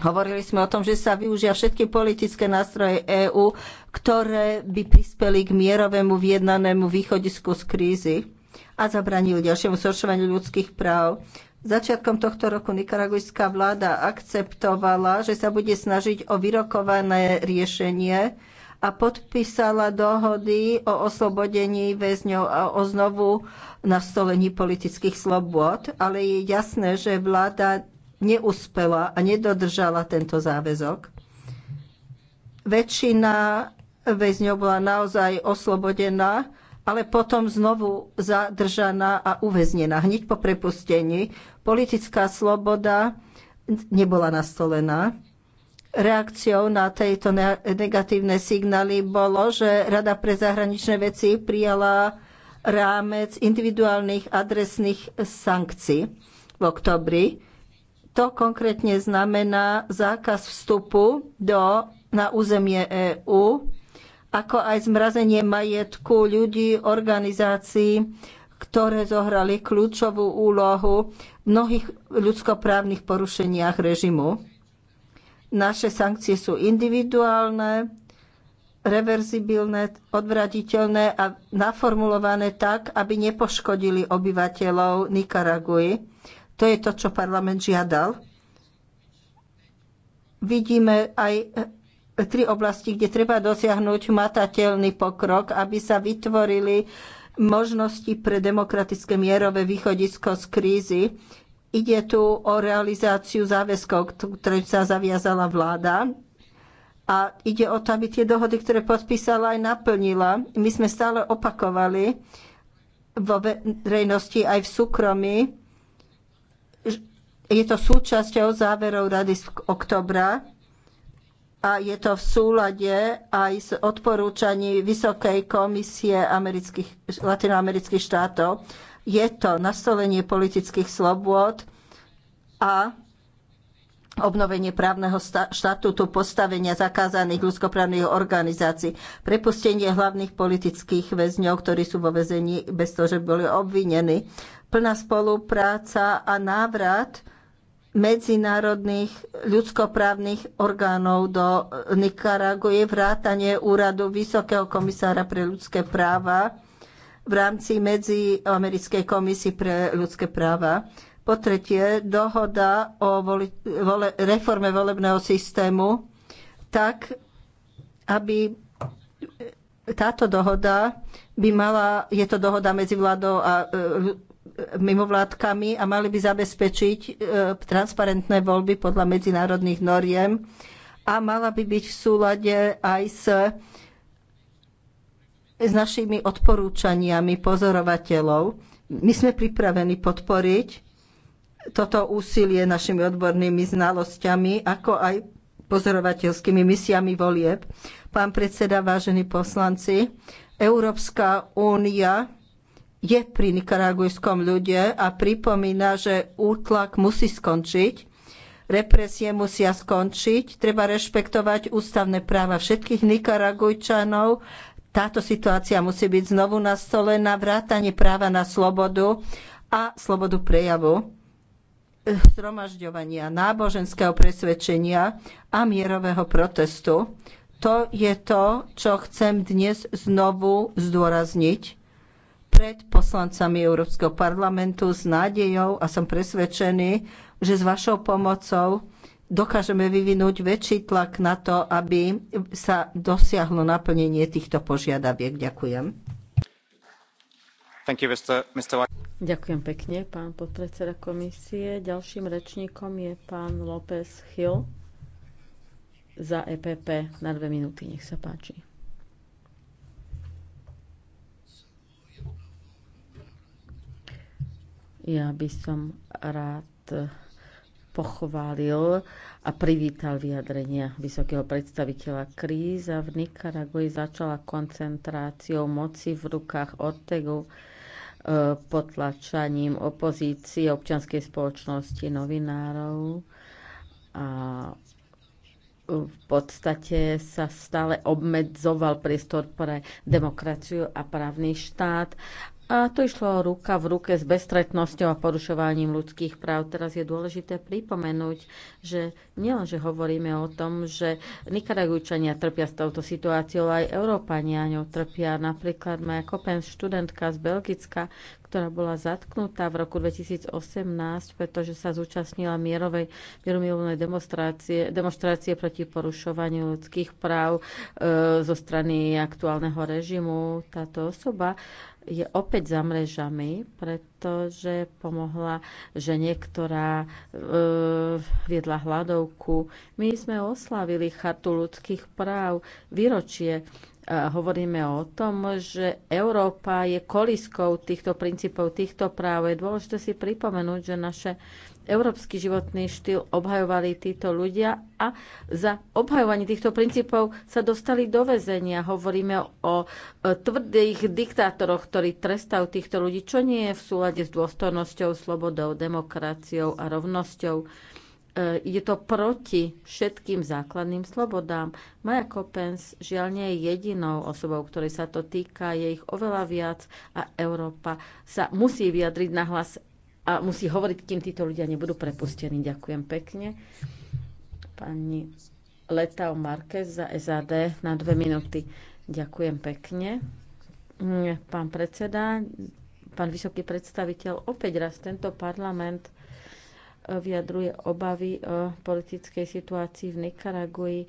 hovorili sme o tom, že sa využia všetky politické nástroje EÚ, ktoré by prispeli k mierovému vyjednanému východisku z krízy a zabranili ďalšiemu zhoršovaniu ľudských práv. Začiatkom tohto roku nikaragujská vláda akceptovala, že sa bude snažiť o vyrokované riešenie a podpísala dohody o oslobodení väzňov a o znovu nastolení politických slobôd, ale je jasné, že vláda neúspela a nedodržala tento záväzok. Väčšina väzňov bola naozaj oslobodená, ale potom znovu zadržaná a uväznená hneď po prepustení. Politická sloboda nebola nastolená reakciou na tieto negatívne signály bolo, že Rada pre zahraničné veci prijala rámec individuálnych adresných sankcií v oktobri. To konkrétne znamená zákaz vstupu do, na územie EÚ, ako aj zmrazenie majetku ľudí, organizácií, ktoré zohrali kľúčovú úlohu v mnohých ľudskoprávnych porušeniach režimu naše sankcie sú individuálne, reverzibilné, odvratiteľné a naformulované tak, aby nepoškodili obyvateľov Nikaraguji. To je to, čo parlament žiadal. Vidíme aj tri oblasti, kde treba dosiahnuť matateľný pokrok, aby sa vytvorili možnosti pre demokratické mierové východisko z krízy. Ide tu o realizáciu záväzkov, ktoré sa zaviazala vláda a ide o to, aby tie dohody, ktoré podpísala, aj naplnila. My sme stále opakovali vo verejnosti aj v súkromí. Je to súčasťou záverov Rady z oktobra a je to v súlade aj s odporúčaním Vysokej komisie amerických, latinoamerických štátov. Je to nastolenie politických slobôd a obnovenie právneho štatútu postavenia zakázaných ľudskoprávnych organizácií, prepustenie hlavných politických väzňov, ktorí sú vo väzení bez toho, že boli obvinení, plná spolupráca a návrat medzinárodných ľudskoprávnych orgánov do je vrátanie úradu Vysokého komisára pre ľudské práva v rámci Medziamerickej komisie pre ľudské práva. Po tretie, dohoda o voli, vole, reforme volebného systému tak, aby táto dohoda by mala, je to dohoda medzi vládou a e, mimovládkami a mali by zabezpečiť e, transparentné voľby podľa medzinárodných noriem a mala by byť v súlade aj s s našimi odporúčaniami pozorovateľov. My sme pripravení podporiť toto úsilie našimi odbornými znalosťami, ako aj pozorovateľskými misiami volieb. Pán predseda, vážení poslanci, Európska únia je pri nikaragujskom ľude a pripomína, že útlak musí skončiť, represie musia skončiť, treba rešpektovať ústavné práva všetkých nikaragujčanov, táto situácia musí byť znovu nastolená, vrátanie práva na slobodu a slobodu prejavu, zhromažďovania, náboženského presvedčenia a mierového protestu. To je to, čo chcem dnes znovu zdôrazniť pred poslancami Európskeho parlamentu s nádejou a som presvedčený, že s vašou pomocou dokážeme vyvinúť väčší tlak na to, aby sa dosiahlo naplnenie týchto požiadaviek. Ďakujem. You, Mr. Mr. Ďakujem pekne, pán podpredseda komisie. Ďalším rečníkom je pán López Hill za EPP na dve minúty. Nech sa páči. Ja by som rád pochválil a privítal vyjadrenia vysokého predstaviteľa. Kríza v Nikaragui začala koncentráciou moci v rukách Ortegu, e, potlačaním opozície, občianskej spoločnosti, novinárov a v podstate sa stále obmedzoval priestor pre demokraciu a právny štát a to išlo ruka v ruke s bestretnosťou a porušovaním ľudských práv. Teraz je dôležité pripomenúť, že nielenže hovoríme o tom, že Nikaragujčania trpia s touto situáciou, aj Európania ňou trpia. Napríklad moja kopen študentka z Belgicka, ktorá bola zatknutá v roku 2018, pretože sa zúčastnila mierovej mieromilovnej demonstrácie, demonstrácie proti porušovaniu ľudských práv e, zo strany aktuálneho režimu. Táto osoba je opäť za mrežami, pretože pomohla, že niektorá e, viedla hladovku. My sme oslavili chartu ľudských práv, výročie. E, hovoríme o tom, že Európa je koliskou týchto princípov, týchto práv. Je dôležité si pripomenúť, že naše e, európsky životný štýl obhajovali títo ľudia a za obhajovanie týchto princípov sa dostali do väzenia. Hovoríme o tvrdých diktátoroch, ktorí trestajú týchto ľudí, čo nie je v súlade s dôstojnosťou, slobodou, demokraciou a rovnosťou. E, je to proti všetkým základným slobodám. Maja Kopens žiaľ nie je jedinou osobou, ktorej sa to týka, je ich oveľa viac a Európa sa musí vyjadriť na hlas a musí hovoriť, kým títo ľudia nebudú prepustení. Ďakujem pekne. Pani Letao Marquez za SAD na dve minúty. Ďakujem pekne. Pán predseda, pán vysoký predstaviteľ, opäť raz tento parlament eh, vyjadruje obavy o politickej situácii v Nikaragui,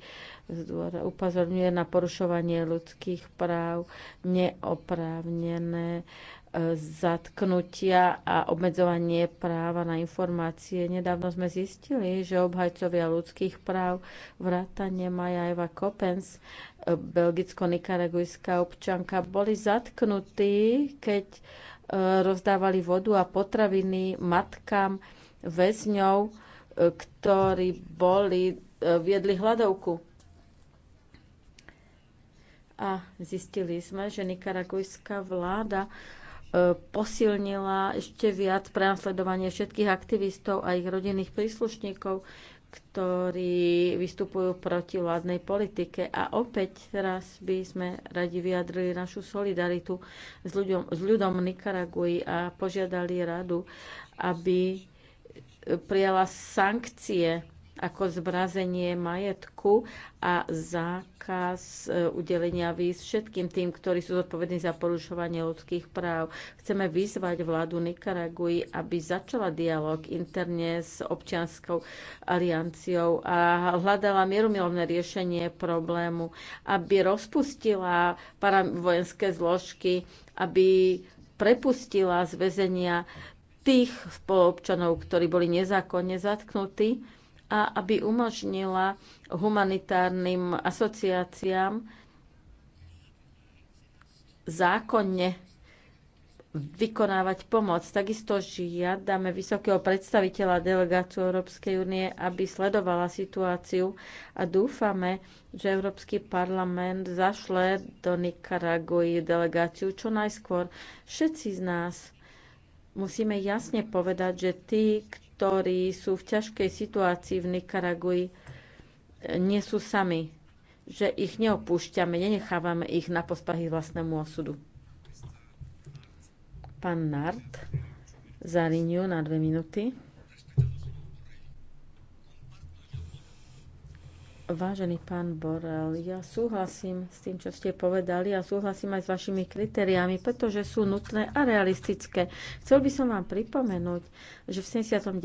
upozorňuje na porušovanie ľudských práv, neoprávnené zatknutia a obmedzovanie práva na informácie. Nedávno sme zistili, že obhajcovia ľudských práv vrátane Maja Eva Kopens, belgicko-nikaragujská občanka, boli zatknutí, keď e, rozdávali vodu a potraviny matkám väzňov, e, ktorí boli, e, viedli hladovku. A zistili sme, že nikaragujská vláda E, posilnila ešte viac prenasledovanie všetkých aktivistov a ich rodinných príslušníkov, ktorí vystupujú proti vládnej politike. A opäť teraz by sme radi vyjadrili našu solidaritu s, ľuďom, s ľudom Nikaragui a požiadali radu, aby prijala sankcie ako zmrazenie majetku a zákaz e, udelenia víz všetkým tým, ktorí sú zodpovední za porušovanie ľudských práv. Chceme vyzvať vládu Nikaraguji, aby začala dialog interne s občianskou alianciou a hľadala mierumilovné riešenie problému, aby rozpustila vojenské zložky, aby prepustila z väzenia tých spoluobčanov, ktorí boli nezákonne zatknutí a aby umožnila humanitárnym asociáciám zákonne vykonávať pomoc. Takisto žiadame vysokého predstaviteľa delegáciu Európskej únie, aby sledovala situáciu a dúfame, že Európsky parlament zašle do Nikaraguji delegáciu čo najskôr. Všetci z nás musíme jasne povedať, že tí, ktorí ktorí sú v ťažkej situácii v Nikaragui, nie sú sami, že ich neopúšťame, nenechávame ich na pospahy vlastnému osudu. Pán Nart, Zariňu na dve minúty. Vážený pán Borel, ja súhlasím s tým, čo ste povedali a súhlasím aj s vašimi kritériami, pretože sú nutné a realistické. Chcel by som vám pripomenúť, že v 79.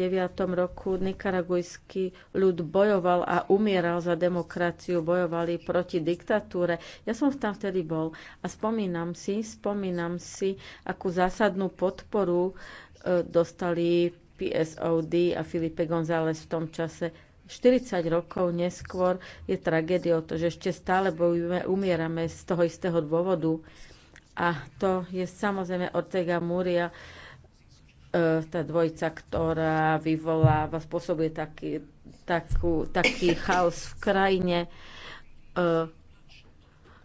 roku nikaragujský ľud bojoval a umieral za demokraciu, bojovali proti diktatúre. Ja som tam vtedy bol a spomínam si, spomínam si, akú zásadnú podporu e, dostali PSOD a Filipe González v tom čase 40 rokov neskôr je tragédia, to, že ešte stále bojujeme, umierame z toho istého dôvodu. A to je samozrejme Ortega Múria, e, tá dvojica, ktorá vyvoláva, spôsobuje taký, takú, taký chaos v krajine. E,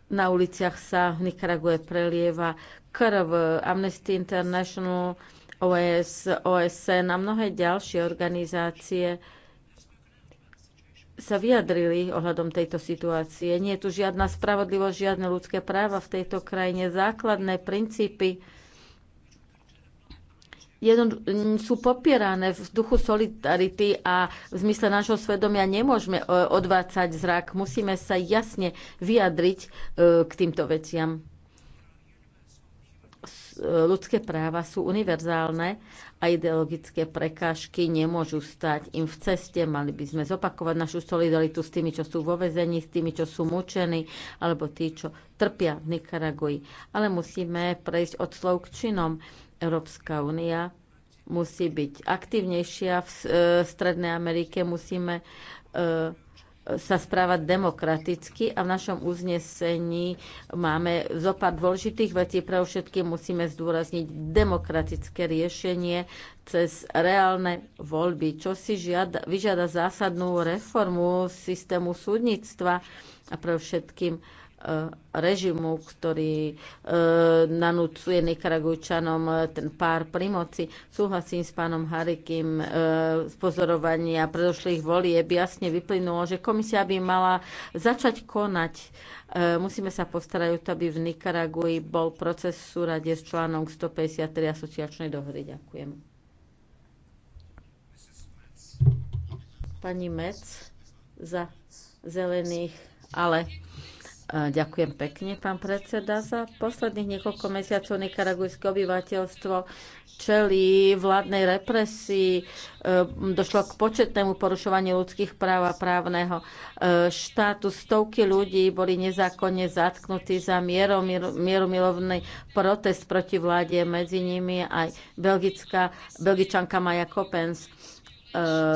na uliciach sa v Nikarague prelieva krv. Amnesty International, OS, OSN a mnohé ďalšie organizácie sa vyjadrili ohľadom tejto situácie. Nie je tu žiadna spravodlivosť, žiadne ľudské práva v tejto krajine. Základné princípy sú popierané v duchu solidarity a v zmysle nášho svedomia nemôžeme e, odvácať zrak. Musíme sa jasne vyjadriť e, k týmto veciam ľudské práva sú univerzálne a ideologické prekážky nemôžu stať im v ceste. Mali by sme zopakovať našu solidaritu s tými, čo sú vo vezení, s tými, čo sú mučení, alebo tí, čo trpia v Nikaragui. Ale musíme prejsť od slov k činom. Európska únia musí byť aktívnejšia v e, Strednej Amerike, musíme e, sa správať demokraticky a v našom uznesení máme zopad dôležitých vecí. Pre všetky musíme zdôrazniť demokratické riešenie cez reálne voľby, čo si žiada, vyžiada zásadnú reformu systému súdnictva a pre všetkým Eh, režimu, ktorý eh, nanúcuje Nikaragujčanom eh, ten pár pri moci. Súhlasím s pánom Harikim z pozorovania predošlých volieb. Jasne vyplynulo, že komisia by mala začať konať. Musíme sa postarať o to, aby v Nikaragui bol proces v súrade s článom 153 asociačnej dohody. Ďakujem. Pani Mec za zelených, ale Ďakujem pekne, pán predseda. Za posledných niekoľko mesiacov nikaragujské obyvateľstvo čelí vládnej represii, e, došlo k početnému porušovaniu ľudských práv a právneho e, štátu. Stovky ľudí boli nezákonne zatknutí za mieromilovný protest proti vláde, medzi nimi aj belgická, belgičanka Maja Kopens e,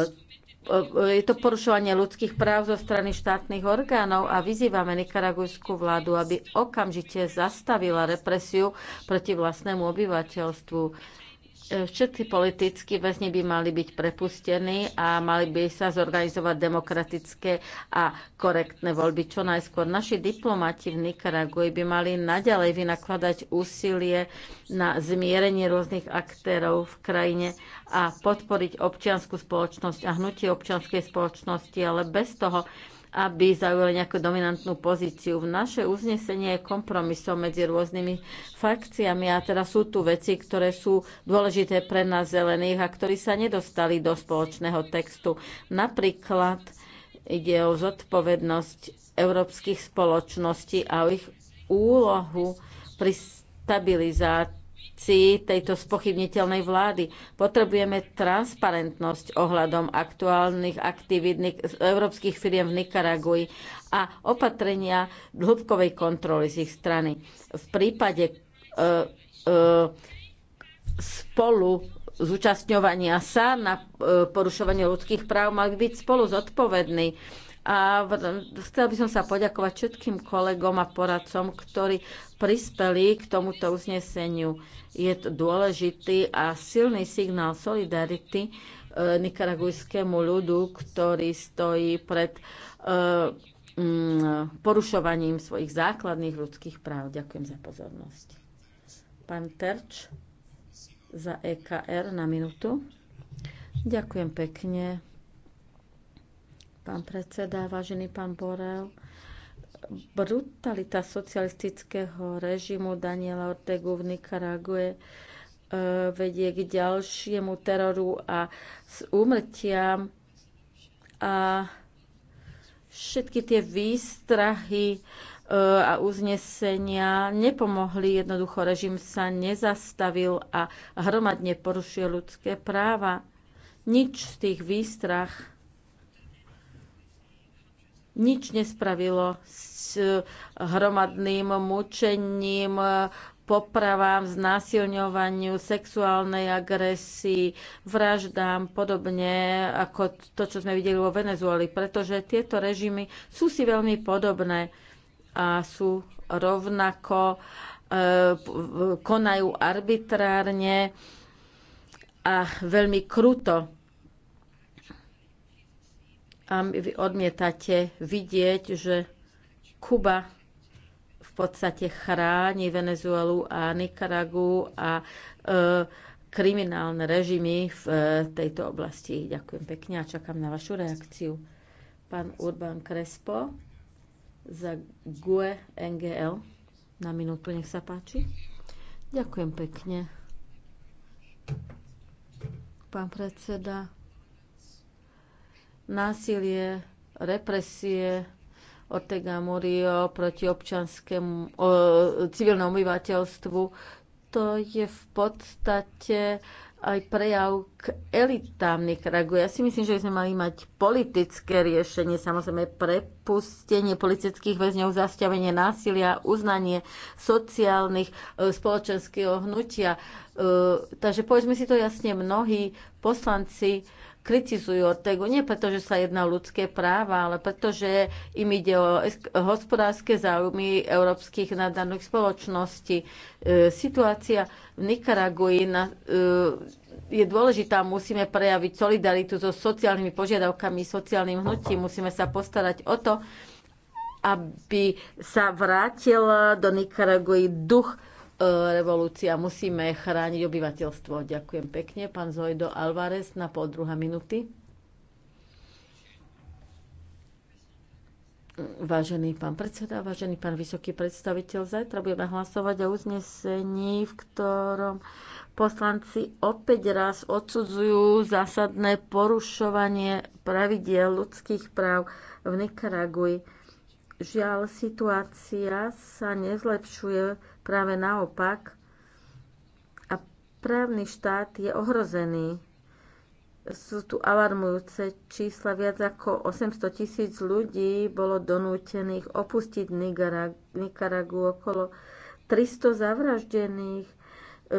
Eh, je to porušovanie ľudských práv zo strany štátnych orgánov a vyzývame nikaragujskú vládu, aby okamžite zastavila represiu proti vlastnému obyvateľstvu E, všetci politickí väzni by mali byť prepustení a mali by sa zorganizovať demokratické a korektné voľby čo najskôr. Naši diplomati v Nikaraguji by mali naďalej vynakladať úsilie na zmierenie rôznych aktérov v krajine a podporiť občianskú spoločnosť a hnutie občianskej spoločnosti, ale bez toho, aby zaujali nejakú dominantnú pozíciu. V naše uznesenie je kompromisom medzi rôznymi frakciami a teda sú tu veci, ktoré sú dôležité pre nás zelených a ktorí sa nedostali do spoločného textu. Napríklad ide o zodpovednosť európskych spoločností a o ich úlohu pri stabilizácii reakcii tejto spochybniteľnej vlády. Potrebujeme transparentnosť ohľadom aktuálnych aktivít európskych firiem v Nikaragui a opatrenia hĺbkovej kontroly z ich strany. V prípade e, e, spolu zúčastňovania sa na e, porušovanie ľudských práv mali byť spolu zodpovední a chcel by som sa poďakovať všetkým kolegom a poradcom, ktorí prispeli k tomuto uzneseniu. Je to dôležitý a silný signál solidarity e, nikaragujskému ľudu, ktorý stojí pred e, m, mm, porušovaním svojich základných ľudských práv. Ďakujem za pozornosť. Pán Terč za EKR na minútu. Ďakujem pekne pán predseda, vážený pán Borel. Brutalita socialistického režimu Daniela Ortegu v Nikarague e, vedie k ďalšiemu teroru a s úmrtiam a všetky tie výstrahy e, a uznesenia nepomohli. Jednoducho režim sa nezastavil a hromadne porušuje ľudské práva. Nič z tých výstrach nič nespravilo s eh, hromadným mučením, popravám, znásilňovaniu, sexuálnej agresii, vraždám, podobne ako to, čo sme videli vo Venezueli, pretože tieto režimy sú si veľmi podobné a sú rovnako, e, konajú arbitrárne a veľmi kruto a vy odmietate vidieť, že Kuba v podstate chráni Venezuelu a Nikaragu a e, kriminálne režimy v e, tejto oblasti. Ďakujem pekne a čakám na vašu reakciu. Pán Urban Crespo za GUE NGL. Na minútu, nech sa páči. Ďakujem pekne. Pán predseda, násilie, represie Ortega Murillo proti občanskému, o, civilnému obyvateľstvu, to je v podstate aj prejav k elitám Nikragu. Ja si myslím, že by sme mali mať politické riešenie, samozrejme prepustenie politických väzňov, zastavenie násilia, uznanie sociálnych, e, spoločenského hnutia. E, takže povedzme si to jasne, mnohí poslanci kritizujú Ortegu nie preto, že sa jedná o ľudské práva, ale preto, že im ide o hospodárske záujmy európskych nadaných spoločností. E, situácia v Nikaragui na, e, je dôležitá, musíme prejaviť solidaritu so sociálnymi požiadavkami, sociálnym hnutím, musíme sa postarať o to, aby sa vrátil do Nikaragui duch revolúcia. Musíme chrániť obyvateľstvo. Ďakujem pekne. Pán Zojdo Alvarez na pol druhá minúty. Vážený pán predseda, vážený pán vysoký predstaviteľ, zajtra budeme hlasovať o uznesení, v ktorom poslanci opäť raz odsudzujú zásadné porušovanie pravidiel ľudských práv v Nikaragui. Žiaľ, situácia sa nezlepšuje Práve naopak. A právny štát je ohrozený. Sú tu alarmujúce čísla. Viac ako 800 tisíc ľudí bolo donútených opustiť Nikaragu. Okolo 300 zavraždených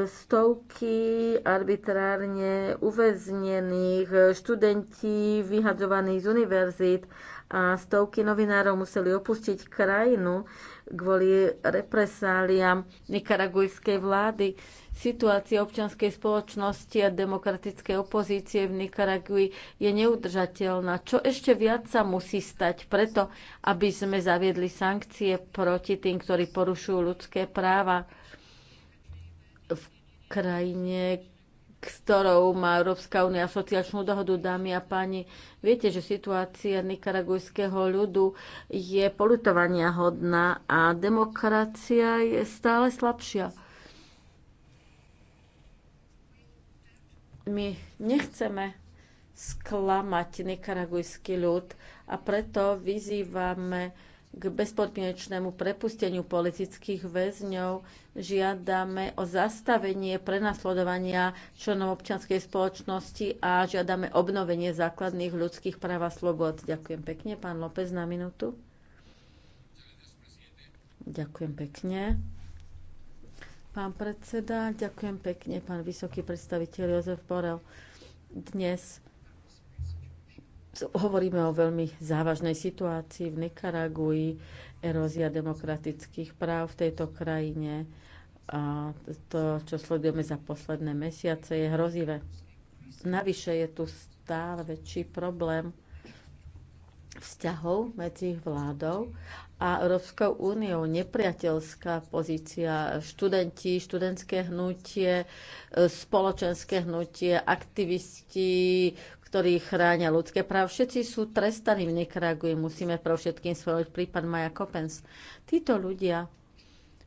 stovky arbitrárne uväznených, študenti vyhadzovaní z univerzít a stovky novinárov museli opustiť krajinu kvôli represáliám nikaragujskej vlády. Situácia občianskej spoločnosti a demokratickej opozície v Nikaragui je neudržateľná. Čo ešte viac sa musí stať preto, aby sme zaviedli sankcie proti tým, ktorí porušujú ľudské práva? krajine, s ktorou má Európska únia asociačnú dohodu, dámy a páni. Viete, že situácia nikaragujského ľudu je polutovania hodná a demokracia je stále slabšia. My nechceme sklamať nikaragujský ľud a preto vyzývame k bezpodmienečnému prepusteniu politických väzňov, žiadame o zastavenie prenasledovania členov občianskej spoločnosti a žiadame obnovenie základných ľudských práv a slobod. Ďakujem pekne. Pán López na minútu. Ďakujem pekne. Pán predseda, ďakujem pekne, pán vysoký predstaviteľ Jozef Borel. Dnes hovoríme o veľmi závažnej situácii v Nikaragui, erózia demokratických práv v tejto krajine a to, čo sledujeme za posledné mesiace, je hrozivé. Navyše je tu stále väčší problém vzťahov medzi vládou a Európskou úniou nepriateľská pozícia. Študenti, študentské hnutie, e, spoločenské hnutie, aktivisti, ktorí chránia ľudské práv. Všetci sú trestaní v Nikaragui. Musíme pre všetkým spomenúť prípad Maja Kopens. Títo ľudia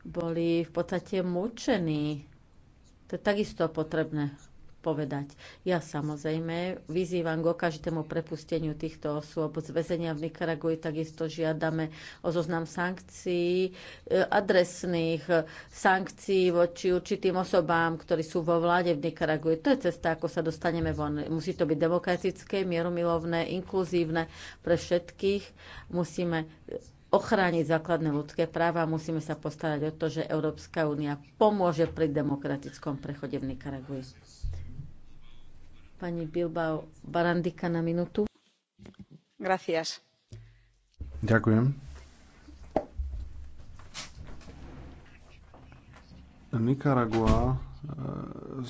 boli v podstate mučení. To je takisto potrebné povedať. Ja samozrejme vyzývam k okažitému prepusteniu týchto osôb z väzenia v Nikaraguji. Takisto žiadame o zoznam sankcií, e, adresných sankcií voči určitým osobám, ktorí sú vo vláde v Nikaraguji. To je cesta, ako sa dostaneme von. Musí to byť demokratické, mierumilovné, inkluzívne pre všetkých. Musíme ochrániť základné ľudské práva a musíme sa postarať o to, že Európska únia pomôže pri demokratickom prechode v Nikaraguji. Pani Bilbao Barandika na minútu. Gracias. Ďakujem. Nikaragua e,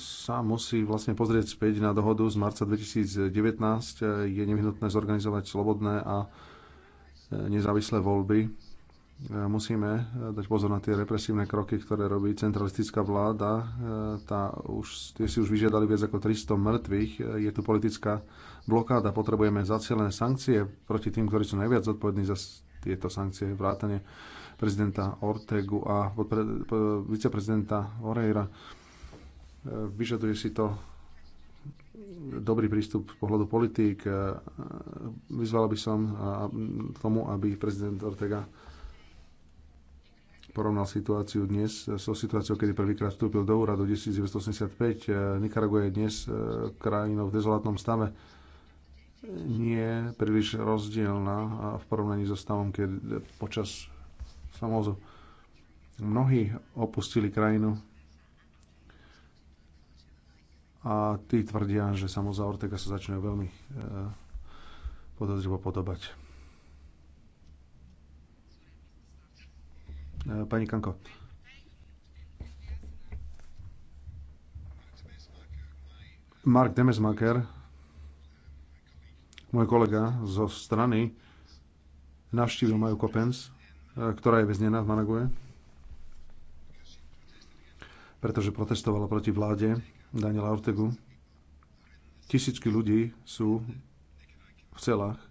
sa musí vlastne pozrieť späť na dohodu z marca 2019. E, je nevyhnutné zorganizovať slobodné a e, nezávislé voľby E, musíme e, dať pozor na tie represívne kroky, ktoré robí centralistická vláda. E, tá už, tie si už vyžiadali viac ako 300 mŕtvych. Je tu politická blokáda. Potrebujeme zacielené sankcie proti tým, ktorí sú najviac zodpovední za tieto sankcie, vrátane prezidenta Ortegu a viceprezidenta Oreira. Vyžaduje si to dobrý prístup z pohľadu politík. Vyzvala by som tomu, aby prezident Ortega porovnal situáciu dnes e, so situáciou, kedy prvýkrát vstúpil do úradu 1985. E, Nikaragua je dnes e, krajinou v dezolátnom stave. Nie príliš rozdielna v porovnaní so stavom, keď počas samozu mnohí opustili krajinu a tí tvrdia, že samozá Ortega sa začne veľmi podozrivo podobať. Eh, pani Kanko. Mark Demesmaker, môj kolega zo strany, navštívil Maju Kopens, eh, ktorá je väznená v Manague, pretože protestovala proti vláde Daniela Ortegu. Tisícky ľudí sú v celách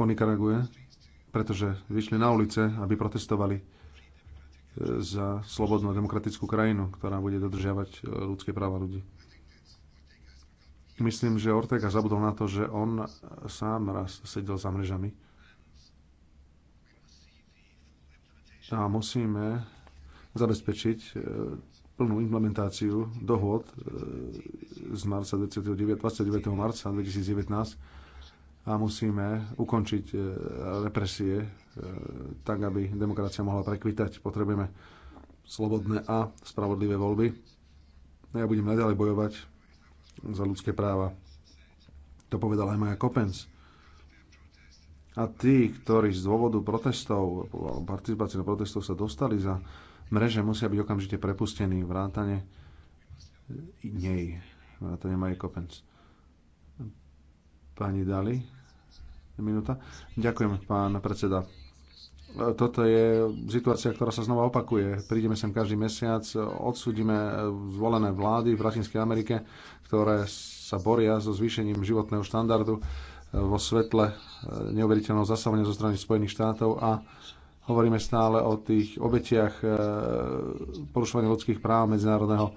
po Nikarague, pretože vyšli na ulice, aby protestovali za slobodnú a demokratickú krajinu, ktorá bude dodržiavať e, ľudské práva ľudí. Myslím, že Ortega zabudol na to, že on sám raz sedel za mrežami. A musíme zabezpečiť e, plnú implementáciu dohod e, z marca 29. 29. marca 2019 a musíme ukončiť represie E, tak, aby demokracia mohla prekvitať. Potrebujeme slobodné a spravodlivé voľby. No ja budem naďalej bojovať za ľudské práva. To povedal aj Maja Kopens. A tí, ktorí z dôvodu protestov, participácie na protestov sa dostali za mreže, musia byť okamžite prepustení. Vrátane nej. Vrátane Maja Kopens. Pani Dali, minúta. Ďakujem, pán predseda toto je situácia, ktorá sa znova opakuje. Prídeme sem každý mesiac, odsudíme zvolené vlády v Latinskej Amerike, ktoré sa boria so zvýšením životného štandardu eh, vo svetle eh, neuveriteľného zasahovania zo strany Spojených štátov a hovoríme stále o tých obetiach eh, porušovania ľudských práv medzinárodného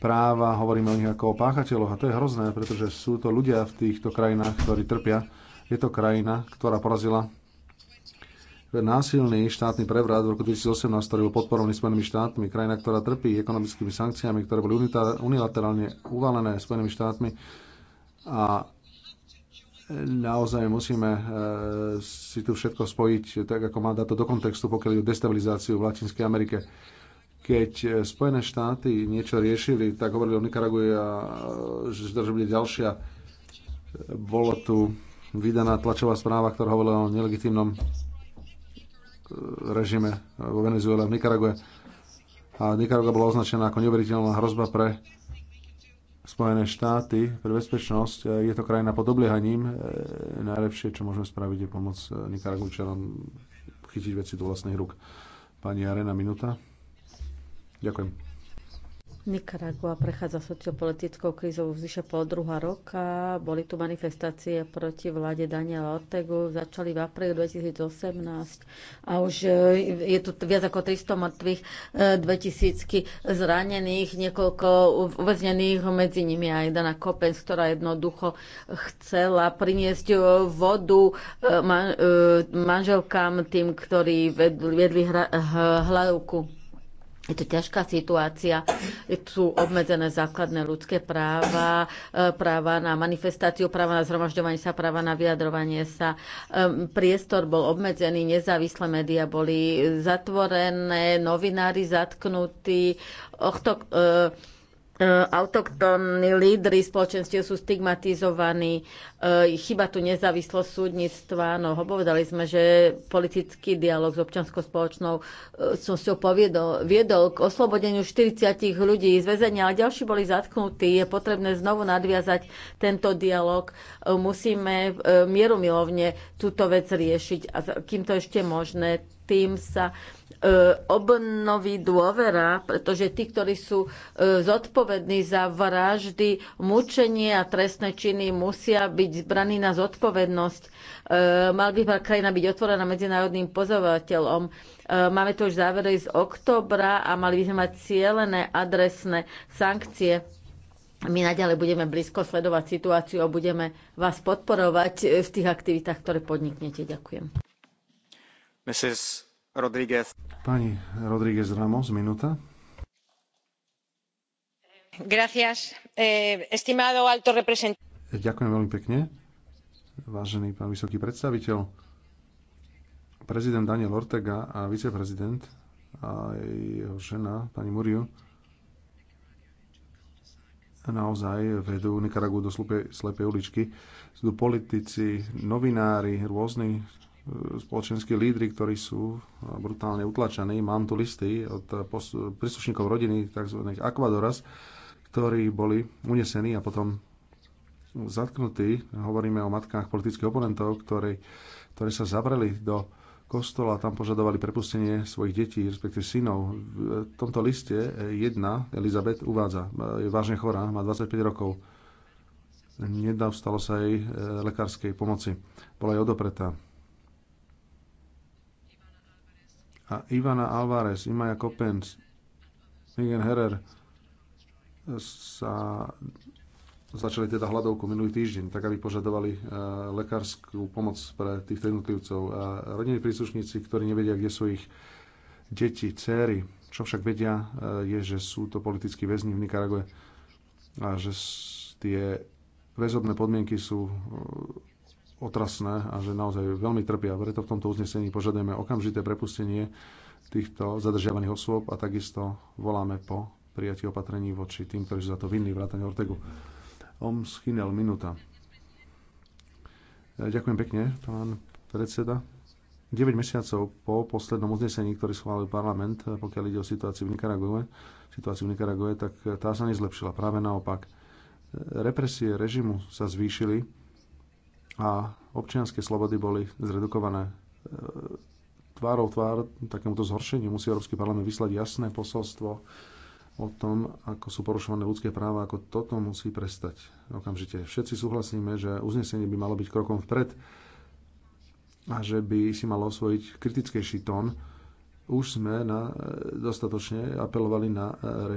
práva, hovoríme o nich ako o páchateľoch a to je hrozné, pretože sú to ľudia v týchto krajinách, ktorí trpia. Je to krajina, ktorá porazila násilný štátny prevrat v roku 2018, ktorý bol podporovaný Spojenými štátmi, krajina, ktorá trpí ekonomickými sankciami, ktoré boli unilaterálne uvalené Spojenými štátmi a naozaj musíme e, si tu všetko spojiť, tak ako má to do kontextu, pokiaľ ide destabilizáciu v Latinskej Amerike. Keď e, Spojené štáty niečo riešili, tak hovorili o Nikaraguje a e, že bude ďalšia. Bolo tu vydaná tlačová správa, ktorá hovorila o nelegitímnom režime vo Venezuele v Nikarague. A Nikaragua bola označená ako neuveriteľná hrozba pre Spojené štáty, pre bezpečnosť. Je to krajina pod obliehaním. E, najlepšie, čo môžeme spraviť, je pomôcť Nikaragučanom chytiť veci do vlastných rúk. Pani Arena, minúta. Ďakujem. Nikaragua prechádza sociopolitickou krízou už vyše pol druhá roka. Boli tu manifestácie proti vláde Daniela Ortegu. Začali v apríli 2018 a už e, je tu viac ako 300 mŕtvych, 2000 e, zranených, niekoľko uväznených, medzi nimi aj Dana Kopens, ktorá jednoducho chcela priniesť e, vodu manželkám tým, ktorí vedli hľadovku je to ťažká situácia, sú obmedzené základné ľudské práva, e, práva na manifestáciu, práva na zhromažďovanie sa, práva na vyjadrovanie sa. E, priestor bol obmedzený, nezávislé médiá boli zatvorené, novinári zatknutí. Och, to, e, E, autoktónni lídry spoločenstiev sú stigmatizovaní, e, chyba tu nezávislosť súdnictva, no povedali sme, že politický dialog s občanskou spoločnou som e, si poviedol, viedol k oslobodeniu 40 ľudí z väzenia, ale ďalší boli zatknutí. Je potrebné znovu nadviazať tento dialog. Musíme mierumilovne túto vec riešiť a kým to ešte možné, tým sa E, obnoví dôvera, pretože tí, ktorí sú e, zodpovední za vraždy, mučenie a trestné činy, musia byť zbraní na zodpovednosť. E, Mal by krajina byť otvorená medzinárodným pozorovateľom. Máme to už závery z oktobra a mali by sme mať cieľené adresné sankcie my naďalej budeme blízko sledovať situáciu a budeme vás podporovať v tých aktivitách, ktoré podniknete. Ďakujem. Mrs. Rodríguez. Pani Rodríguez Ramos, minuta. Gracias, eh, estimado alto representante. Eh, ďakujem veľmi pekne, vážený pán vysoký predstaviteľ. Prezident Daniel Ortega a viceprezident a jeho žena, pani Muriu, naozaj vedú Nikaragu do slepej, slepej uličky. Sú politici, novinári, rôzni spoločenskí lídry, ktorí sú brutálne utlačení. Mám tu listy od príslušníkov rodiny, tzv. Aquadoras, ktorí boli unesení a potom zatknutí. Hovoríme o matkách politických oponentov, ktorí, ktorí sa zavreli do kostola a tam požadovali prepustenie svojich detí, respektíve synov. V tomto liste jedna, Elizabeth, uvádza, je vážne chorá, má 25 rokov. Nedávstalo sa jej e, lekárskej pomoci. Bola aj odopretá a Ivana Alvarez, Imaja Kopens, Miguel Herer sa začali teda hľadovku minulý týždeň, tak aby požadovali eh, lekárskú pomoc pre týchto jednotlivcov. E, rodinní príslušníci, ktorí nevedia, kde sú ich deti, céry, čo však vedia, eh, je, že sú to politickí väzni v Nikarague a že tie väzobné podmienky sú eh, otrasné a že naozaj veľmi trpia. Preto v tomto uznesení požadujeme okamžité prepustenie týchto zadržiavaných osôb a takisto voláme po prijatí opatrení voči tým, ktorí sú za to vinní, vrátane Ortegu. Om Schinel, minúta. E, ďakujem pekne, pán predseda. 9 mesiacov po poslednom uznesení, ktorý schválil parlament, e, pokiaľ ide o situáciu v Nikaragove, situáciu v Nikarague, tak e, tá sa nezlepšila, práve naopak. Represie režimu sa zvýšili, a občianske slobody boli zredukované. E, tvárou tvár takémuto zhoršeniu musí Európsky parlament vyslať jasné posolstvo o tom, ako sú porušované ľudské práva, ako toto musí prestať okamžite. Všetci súhlasíme, že uznesenie by malo byť krokom vpred a že by si malo osvojiť kritickejší tón. Už sme na, e, dostatočne apelovali na e, režim